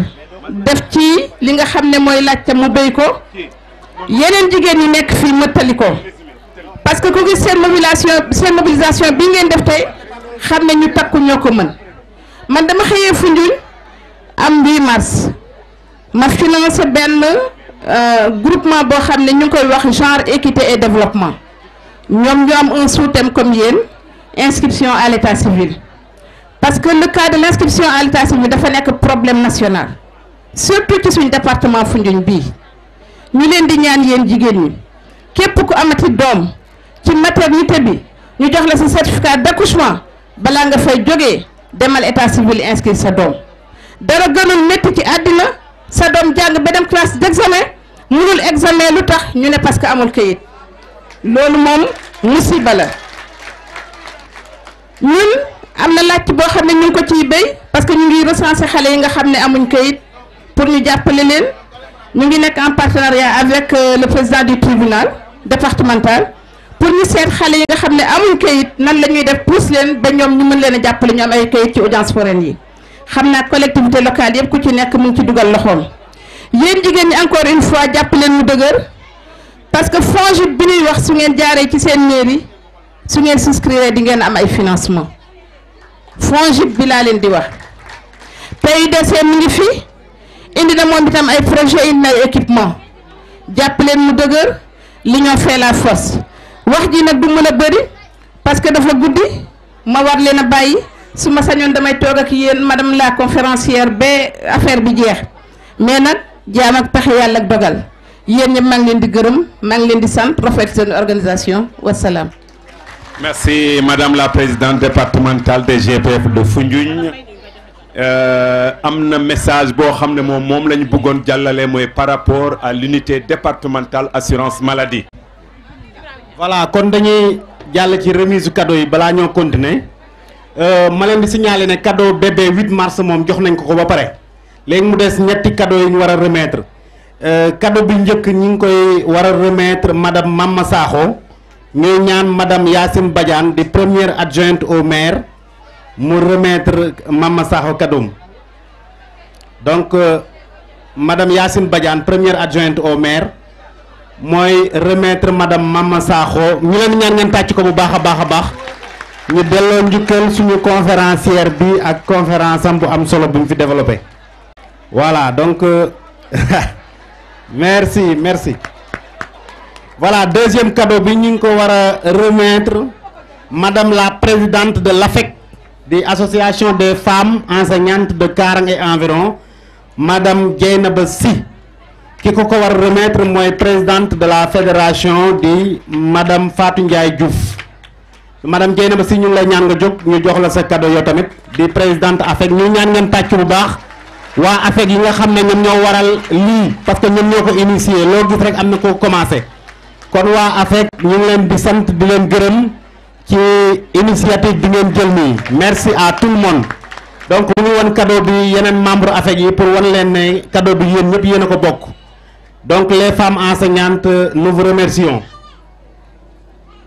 def ci li nga xam ne mooy laajte mu béy ko yeneen jigéen yi nekk fii mëttali ko parce que ku gis seen mobilisation bi ngeen def tey xam ne ñu takku ñoo ko mën man dama xëyee Foundiougne am 8 mars ma financé benn euh, groupement boo xam ne ñu ngi koy wax genre équité et développement ñoom ñu am un sous-thème comme yéen inscription à l'état civil parce que le cas de l'inscription à l'état civil dafa nekk problème national surtout ci suñ département Foundiougne bi ñu leen di ñaan yéen jigéen ñi képp ku amati doom ci maternité bi ñu jox la sa certificat d'accouchement balaa nga fay jógee demal état civil inscrire sa doom dara gënul métti ci àddina sa doom jàng ba dem classe d'examen munul examen lu tax ñu ne parce que amul kayit loolu moom musiba la ñun am na laajte boo xam ne ñu ngi ko ciy béy parce que ñu ngi recensé xale yi nga xam ne amuñ kayit pour ñu jàppale leen ñu ngi nekk en partenariat avec euh, le président du tribunal départemental pour ñu seet xale yi nga xam ne amuñ kayit nan la ñuy def pousse leen ba ñoom ñu mën leen a jàppale ñu am ay kayit ci audience foraine yi. xam naa collectivité locale yëpp ku ci nekk mu ngi ci dugal loxoom yéen jigéen ñi encore une fois jàpp leen mu dëgër parce que fonds bi ñuy wax su ngeen jaaree ci seen mairie su ngeen souscrire di ngeen am ay financement fonds bi laa leen di wax PUDC mi ngi fi indi na moom itam ay projet indi na ay équipement jàpp leen mu dëgër li ñoo fait la force wax ji nag du mën a bëri parce que dafa guddi ma war leen a bàyyi su ma sañoon damay toog ak yéen madame la conférencière ba affaire bi jeex mais nag jaam ak pexe yàlla ak dogal yéen ñëpp leen di gërëm maa leen di sant rafet seen organisation wasalaam. merci madame la présidente départementale des GPF de Foundiougne euh, am na message boo xam ne moom moom la ñu bëggoon jàllale mooy par rapport à l'unité départementale assurance maladie. voilà kon dañuy jàll ci remise cadeau yi balaa ñoo continuer. Euh, ma leen di signaler ne cadeau bébé 8 mars moom jox nañ ko ko ba pare léegi mu des ñetti cadeau yi ñu war a remettre euh, cadeau bi njëkk ñi ngi koy war a remettre madame Mama Sakho ñuy ñaan madame Yacine Badiane di première adjointe au maire mu remetre Mama Sakho cadeau donc euh, madame Yacine Badiane première adjointe au maire mooy remettre madame Mama Sakho ñu leen ñaan ngeen tàcc ko bu baax a baax a baax. ñu delloo njukkal suñu conférencière bi ak conférence bu am solo bu mu fi développé voilà donc euh, merci merci voilà deuxième cadeau bi ñu ngi ko war a remettre madame la présidente de l'AFEC di association des femmes enseignantes de Karang et environ madame Dieynaba Sy ki ko ko war a mooy présidente de la fédération di madame Fatou Ndiaye Diouf madame Dieynaba si ñu ngi lay ñaan nga jóg ñu jox la sa cadeau yoo tamit di présidente AFEC ñu ñaan ngeen tàcc bu baax waa AFEC yi nga xam ne ñoom ñoo waral lii parce que ñoom ñoo ko initié loo gis rek am na ko commencé kon waa AFEC ñu ngi leen di sant di leen gërëm ci initiative bi ngeen jël nii merci à tout le monde donc ñu ngi woon cadeau bi yeneen membre AFEC yi pour wan leen ne cadeau bi yéen ñëpp yéen a ko bokk donc les femmes enseignantes nous vous remercions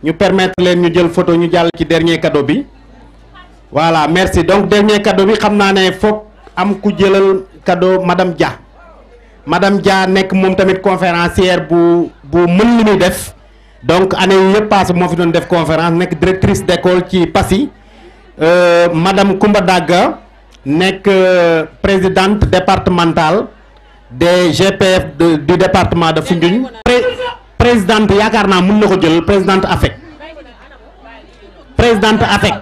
ñu permettre leen ñu jël photo ñu jàll ci dernier cadeau bi voilà merci donc dernier cadeau bi xam naa ne foog am ku jëlal cadeau madame Dia madame Dia nekk moom tamit conférencière bu bu mën li muy def donc année yu yëpp passé moo fi doon def conférence nekk directrice d'école ci Passy euh, madame Koumba Dagga nekk euh, présidente départementale des GPF du département de Foundiougne présidente yaakaar naa mën na ko jël président AFEC présidente AFEC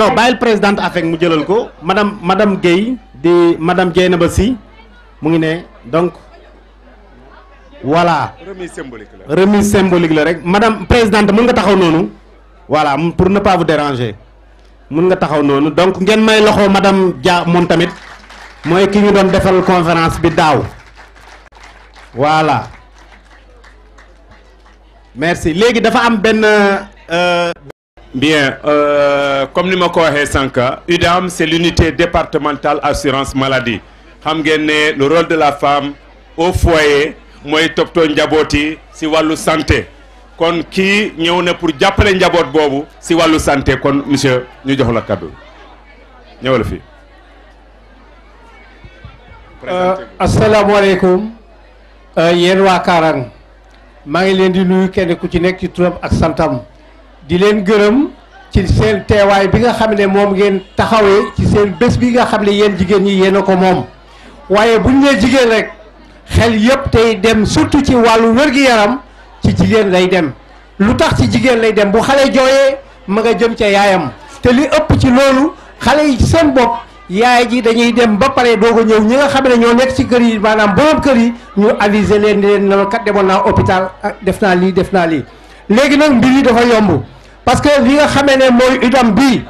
no bàyyil présidente AFEC mu jëlal ko madame madame Guèye di madame Dieynaba si mu ngi ne donc voilà remise symbolique la remise symbolique rek madame présidente mën nga taxaw noonu voilà pour ne pas vous déranger mën nga taxaw noonu donc ngeen may loxo madame Dia moom tamit mooy ki nga doon defal conférence bi daaw. voilà merci léegi dafa am benn. Euh, bien euh, comme ni ma ko waxee sànq UDAM c'est l'unité départementale assurance maladie xam ngeen ne le rôle de la femme au foyer mooy toppatoo njaboot yi si wàllu santé kon ki ñëw na pour jàppale njaboot boobu si wàllu santé kon monsieur ñu jox la kàddu ñëwal fii. Euh, Euh, yéen waa Kaarang maa ngi leen di nuyu kenn ku ci nekk ci turam ak santam di leen gërëm ci seen teewaay bi nga xam ne moom ngeen taxawee ci seen bés bi nga xam ne yéen jigéen ñi yéen a ko moom waaye buñ nee jigéen rek xel yëpp tey dem surtout ci wàllu wér-gi-yaram ci jigéen lay dem lu tax ci jigéen lay dem bu xale jooyee ma nga jëm ca yaayam te li ëpp ci loolu xale yi seen bopp yaay ji dañuy dem ba pare doog ko ñëw ñi nga xam ne ñoo nekk ci kër yi maanaam borom kër yi ñu aviser leen leen ne kat demoon naa hôpital ah, def naa lii def naa lii léegi nag mbir yi dafa yomb parce que li nga xamee ne mooy idam bi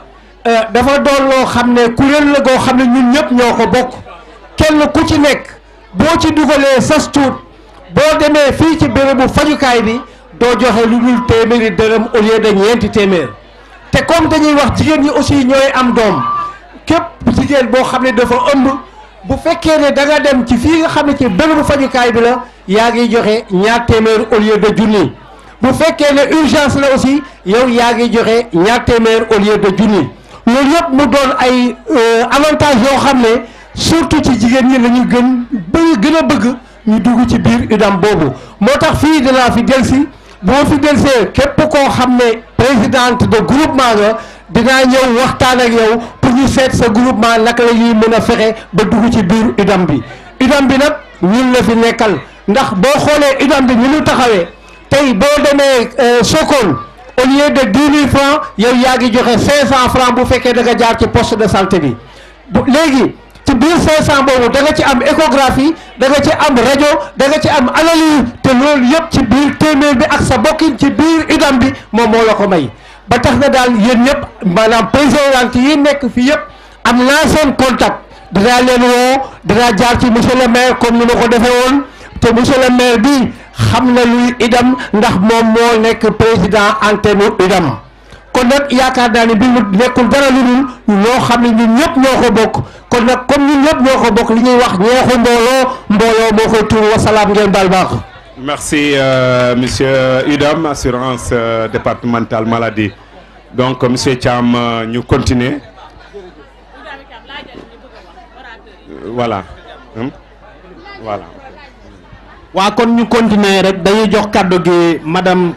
euh, dafa doon loo xam ne kuréel la goo xam ne ñun ñëpp ñoo ko bokk kenn ku ci nekk boo ci dugalee sas tuut boo demee fii ci bérébu fajukaay bi doo joxe lu dul téeméeri dërëm au dañ de ñeenti téeméer te comme dañuy wax jigéen ñi aussi ñooy am doom képp jigéen boo xam ne dafa ëmb bu fekkee ne da nga dem ci fii nga xam ne ci bërëbu fajukaay bi la yaa ngi joxe ñaar téeméer au lieu de junni bu fekkee ne urgence la aussi yow yaa ngi joxe ñaar téeméer au lieu de junni loolu yëpp mu doon ay euh, avantage yoo xam ne surtout ci jigéen ñi la gën bëgg gën a bëgg ñu dugg ci biir UDAM boobu moo tax fii dinaa fi delsi boo fi delsee képp koo xam ne présidente de groupement nga dinaa ñëw waxtaan ak yow pour ñu seet sa groupement naka la ñuy mën a fexe ba dugg ci biir UDAM bi UDAM bi nag ñun la fi nekkal ndax boo xoolee UDAM bi ñu nu taxawee tey boo demee euh, Sokone au lieu de dix mille francs yow yaa ngi joxe cinq cent francs bu fekkee da nga jaar ci poste de santé bi léegi ci biir cinq cent boobu da nga ci am échographie da nga ci am rajo da nga ci am analyse te loolu yëpp ci biir téeméer bi ak sa bokkin ci biir UDAM bi moom moo la ko may ba tax na daal yéen ñëpp maanaam président yi nekk fii yëpp am naa seen contact dinaa leen woo dinaa jaar ci monsieur le maire comme ni ma ko defee woon te monsieur le maire bi xam na luy idam ndax moom moo nekk président antenne idam kon nag yaakaar naa ne bi mu nekkul dara lu dul loo xam ne ñun ñëpp ñoo ko bokk kon nag comme ñun ñëpp ñoo ko bokk li ñuy wax ñeexu mbooloo mbooloo moo koy tuur wasalaam ngeen baal baax Merci, euh, Monsieur Udam, Assurance euh, départementale Donc, Monsieur Cham, euh, nous Voilà. Hum? waa kon ñu continuer rek dañuy jox kàddu gi madame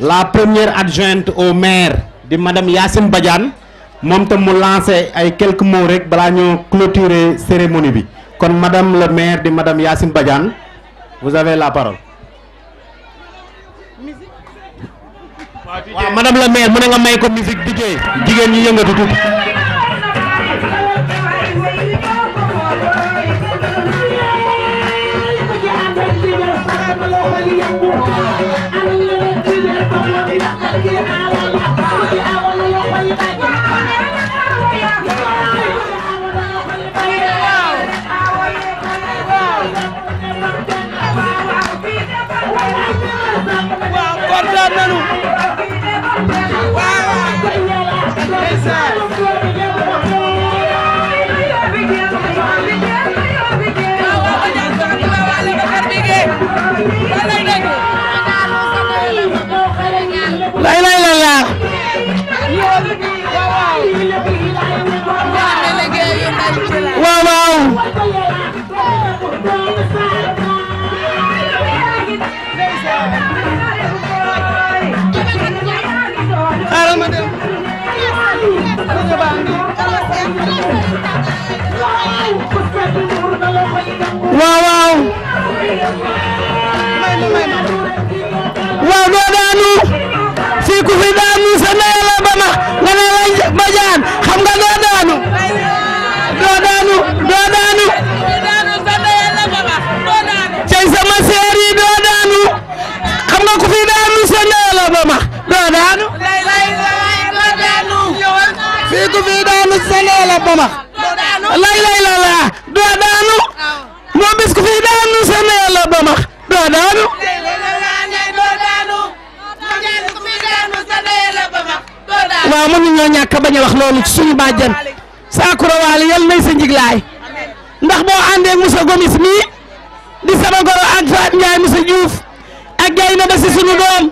la première adjointe au maire di madame Yacine Badiane moom tam mu lancé ay quelques mots rek balaa ñoo clôturer cérémonie bi kon madame le maire di madame Yacine Badiane vous avez la parole. waaw madame la maire mën nga may ko musique DJ jigéen ñi yëngatu tuuti. kontaan nañu waaw ndeysaan lay lay la la waaw waaw waaw waaw waaw doo fi daanu sa ndey la ba cay sama seer yi xam nga ku fi daanu sa ndey la ba ma doo daanu fii fi daanu sa ndey la lay lay la laa doo daanu moom bis fi daanu seen na yàlla ba max doo daanu waaw mënu ñoo ñàkk bañ a wax loolu ci suñu bàjjan saakura waale nay sa njiglaay ndax boo àndee ak Moussa Gomis mii di sama goro ak Faat Njaay Moussa Diouf ak gay na ba si suñu doom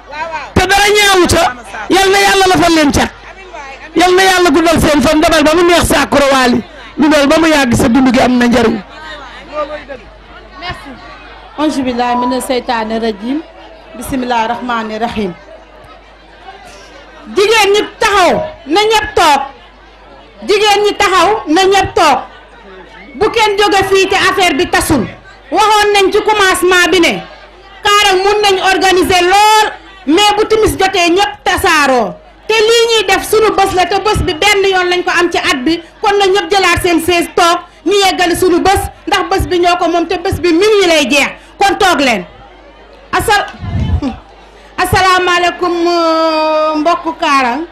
te dara ñaawu ca yal na yàlla la fal leen cat yal na yàlla guddal seen fan demal ba mu neex saakura waale dundal ba mu yàgg sa dund gi am na njariñ merci ange billahi mina seytaane rajim bisimilah rahmaani rahim jigéen ñi taxaw na ñëpp toog jigéen ñi taxaw na ñëpp toog bu kenn jóge fii te affaire bi tasul waxoon nañ ci commencement bi ne kaarang mun nañ organiser lool mais bu timis jotee ñëpp tasaaroo te lii ñuy sunu bés la te bés bi benn yoon lañ ko am ci at bi kon na ñëpp jëlaat seen sees toog ñu yeggali sunu bés ndax bés bi ñoo ko moom te bés bi minuit lay jeex kon toog leen asal asalaamaaleykum euh, mbokku Kaarang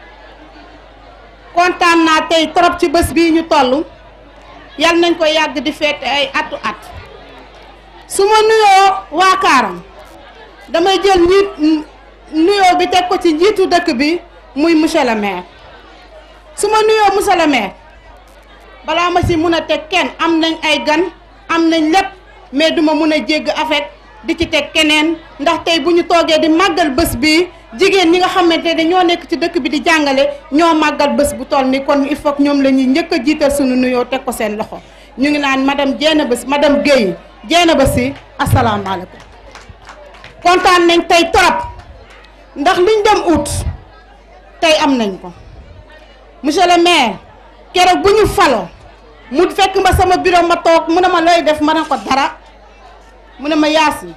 kontaan naa tey trop ci bés bi ñu toll yal nañ ko yàgg di feete ay atu at su ma nuyoo waa Kaarang damay jël njiit nuyoo bi teg ko ci njiitu dëkk bi muy monsieur le maire su ma nuyoo monsieur le balaa ma si mun a teg kenn am nañ ay gan am nañ lépp mais duma mun a jégg afek di ci teg keneen ndax tey bu ñu toogee di màggal bés bi jigéen ñi nga xam ne ñoo nekk ci dëkk bi di jàngale ñoo màggal bés bu toll ni kon il faut ñoom la ñuy njëkk a jiital suñu nuyoo teg ko seen loxo ñu ngi naan madame Dieynaba Sy madame Guèye Dieynaba Sy asalaamaaleykum kontaan nañ tey trop ndax liñ dem ut tey am nañ ko monsieur le maire keroog bu ñu faloo mu fekk ma sama bureau ma toog mu ne ma looy def ma ne ko dara mu ne ma yaas yi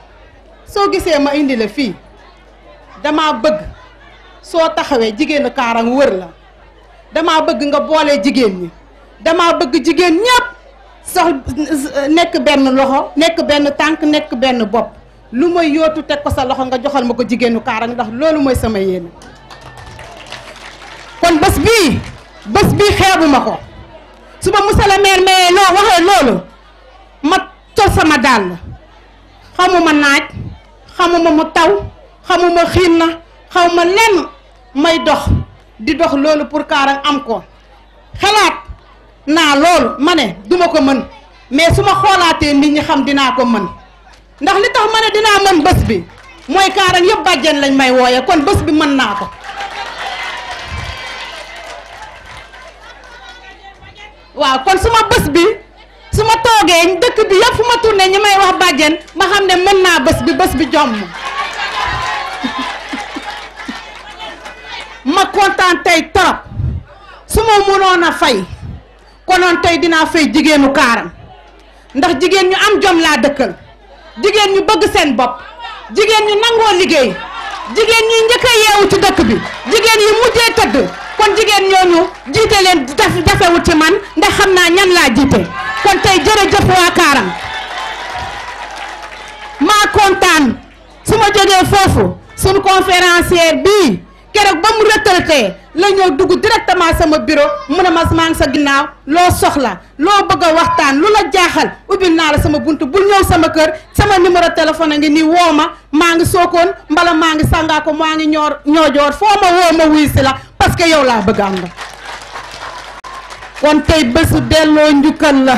soo gisee ma indi la fii damaa bëgg soo taxawee jigéenu Kaarang wër la damaa bëgg nga boole jigéen ñi damaa bëgg jigéen ñëpp sax nekk benn loxo nekk benn tànk nekk benn bopp lu may yootu teg ko sa loxo nga joxal ma ko jigéenu Kaarang ndax loolu mooy sama yéene. kon bés bii bés bii xeebuma ko su ma monsieur le maire mais loo waxee loolu ma tol sama dàll xamuma naaj xamuma mu taw xamuma xiin na xamuma lenn may dox di dox loolu pour Karang am ko xalaat naa loolu ma ne duma ko mën mais su ma xoolaatee nit ñi xam dinaa ko mën ndax li tax ma ne dinaa mën bés bi mooy Karang yëpp bàjjen lañ may wooye kon bés bi mën naa ko waaw kon su ma bés bi su toogee dëkk bi yëpp fu ma tourné ñi may wax bàjjen ma xam ne mën naa bés bi bés bi jomm ma kontaan tey trop suma ma mënoon a fay konoon tey dinaa fay jigéenu kaaram ndax jigéen ñu am jom laa dëkkal jigéen ñu bëgg seen bopp jigéen ñu nangoo liggéey jigéen ñuy njëkk yeewu ci dëkk bi jigéen yi mujjee tëdd kon jigéen ñooñu jiite leen daf ci man ndax xam naa ñan laa jiite kon tey jërëjëf waa Karang maa kontaan su ma jógee foofu suñu conférencier bii keroog ba mu retraité la ñëw dugg directement sama bureau mu ne ma maa ngi sa ginnaaw loo soxla loo bëgg waxtaan lu la jaaxal ubbil naa la sama bunt bul ñëw sama kër sama numéro téléphone a ngi nii woo ma maa ngi sookoon mbala maa ngi sàngaa maa ngi ñoor ñoojoor foo ma woo ma wuy si la parce que yow laa bëgg àndal kon tey bésu delloo njukkal la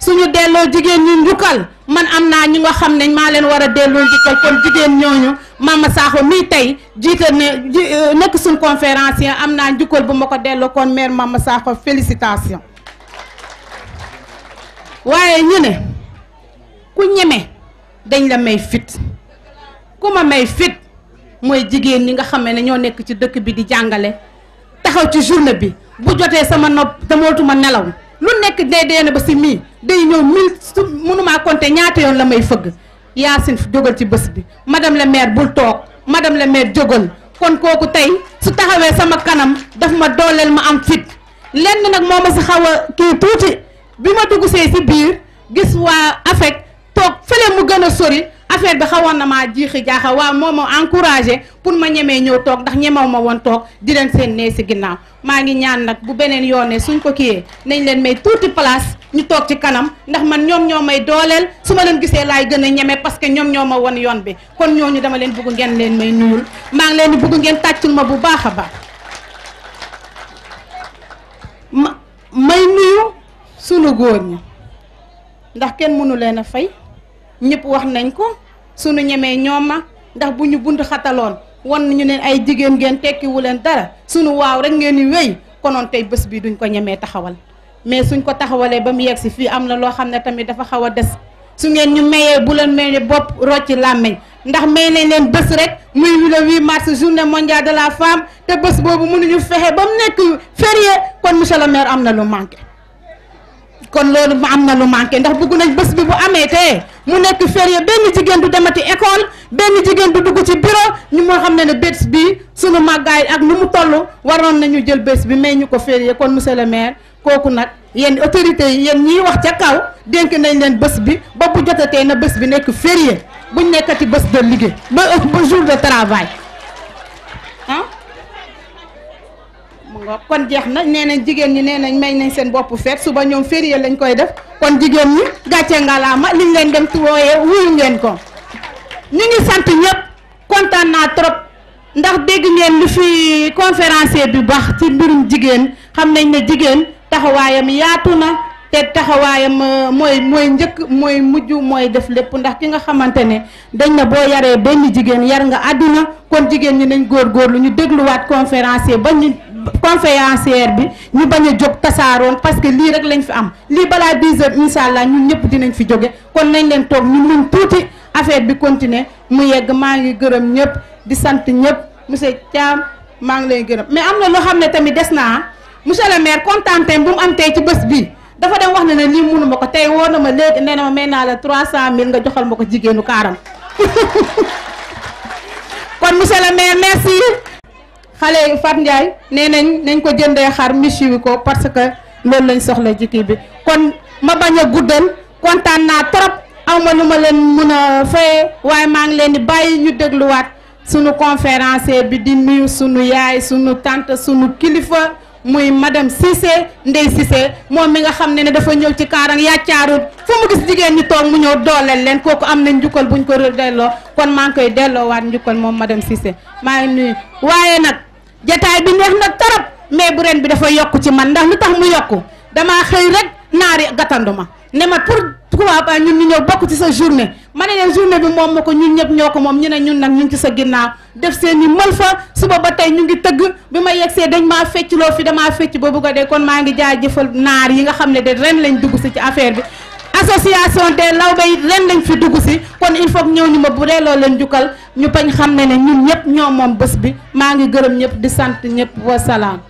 suñu delloo jigéen ñu njukkal man am naa ñu nga xam ne maa leen war a delloo njukkal kon jigéen ñooñu Mama Sakho mii tey jiite ne ji euh, nekk suñu conférencier am naa njukkal bu ma ko delloo kon maire Mama Sakho félicitation waaye ñu ne ku ñeme dañ la may fit ku ma may fit mooy jigéen ñi nga xam ne ñoo nekk ci dëkk bi di jàngale taxaw ci journée bi bu jotee sama nopp te mootuma nelaw lu nekk day dee na ba si mii day ñëw mille su mënumaa compter ñaata yoon la may fëgg Yacine jógal ci bés bi madame le maire bul toog madame le maire jógal kon kooku tey su taxawee sama kanam daf ma dooleel ma am fit lenn nag moo ma si xaw a kii tuuti bi ma dugg see si biir gis waa AFEC toog fële mu gën a sori affaire bi xawoon na maa jiixi jaaxa waaw moo ma pour ma ñemee ñëw toog ndax ñemew ma woon toog di leen seen nee si ginnaaw maa ngi ñaan nag bu beneen yoonee suñ ko kiyee nañ leen may tuuti place ñu toog ci kanam ndax man ñoom ñoo may dooleel su ma leen gisee laay gën a ñeme parce que ñoom ñoo ma won yoon bi kon ñooñu dama leen bugg ngeen leen may nuyul maa ngi leen di bugg ngeen tàccul ma bu baax a baax ma may nuyu sunu góor ñi ndax kenn mënu leen a fay ñëpp wax nañ ko sunu ñemee ñoom ma ndax bu ñu bunt xataloon wan na ñu leen ay jigéen ngeen tekkiwu leen dara suñu waaw rek ngeen di wéy konoon tey bés bi duñ ko ñemee taxawal mais suñ ko taxawalee ba mu yegg si fii am na loo xam ne tamit dafa xaw a des su ngeen ñu mayee bu leen mayee bopp rocci làmmeñ ndax may nañ leen bés rek muy le 8 mars journée mondiale de la femme te bés boobu mënuñu fexe ba mu nekk férié kon monsieur le maire am na lu manqué. kon loolu ma am na lu manqué ndax bëgg nañ bës bi bu amee te mu nekk férié benn jigéen du demati école benn jigéen du dugg ci bureau ñu moo xam ne ne bés bi suñu màggaay ak nu mu toll waroon nañu jël bés bi mais ñu ko férié kon monsieur le maire kooku nag yéen autorités yi yéen ñiy wax ca kaw dénk nañ leen bés bi ba bu jotatee na bés bi nekk férié buñ nekkati bés de liggéey ba ba jour de travail ah mu kon jeex na nee nañ jigéen ñi nee nañ may nañ seen bopp feet suba ñoom férié lañ koy def kon jigéen ñi gàcce ngalaama liñ leen dem tuwooyee wuyu ngeen ko ñu ngi sant ñëpp kontaan naa trop ndax dégg ngeen lu fi conférencier bi baax ci mbirum jigéen xam nañ ne jigéen taxawaayam yaatu na te taxawaayam euh, mooy mooy njëkk mooy mujj mooy def lépp ndax ki nga xamante ne dañ na boo yaree benn jigéen yar nga àdduna kon jigéen ñi nañ góorgóorlu ñu dégluwaat conférencier ba conférencière bi ñu bañ a jóg tasaaroon parce que lii rek lañ fi am lii balaa 10 heures incha allah ñëpp dinañ fi jóge kon nañ leen toog ñu mun tuuti affaire bi continuer mu yegg maa ngi gërëm ñëpp di sant ñëpp monsieur Thiam maa ngi lay gërëm mais am na loo xam ne tamit des naa monsieur le maire contenté bu mu am tey ci bés bii dafa dem wax ne ne lii munu ma ko tey woo na ma léegi nee na ma may naa la 300000 nga joxal ma ko jigéenu kaaram kon monsieur le xale Fat Ndiaye nee nañ nañ ko jëndee xar michu ko parce que loolu lañ soxla ci kii bi kon ma bañ a guddal kontaan naa trop aw lu ma leen mun a fayee waaye maa ngi leen di bàyyi ñu dégluwaat sunu conférencier bi di nuyu sunu yaay sunu tante sunu kilifa muy madam Cissé Ndeye Cissé moom mi nga xam ne ne dafa ñëw ci kaarang yàccaarut fu mu gis jigéen ñi toog mu ñëw dooleel leen kooku am nañ njukkal buñ ko delloo kon maa ngi koy delloowaat njukkal moom madame Cissé maa ngi jataay bi neex na torop mais bu ren bi dafa yokk ci man ndax lu tax mu yokku damaa xëy rek naari gàttandu ma ne ma pour pourquoi pas ñun ñu ñëw bokk ci sa journée ma ne leen journée bi moom ma ko ñun ñëpp ñoo ko moom ñu ne ñun nag ñu ngi ci sa ginnaaw def seen i mël fa suba ba tey ñu ngi tëgg bi ma yegsee dañ maa fecc loo fi damaa fecc ba bugg a dee kon maa ngi jaajëfal naar yi nga xam ne de ren lañ dugg si ci affaire bi association des lawbe yi ren fi dugg si kon il faut ñëw ñu ma bu dee loo leen jukkal ñu pañ xam ne ne ñun ñëpp ñoo moom bés bi maa ngi gërëm ñëpp di sant ñëpp wasalaam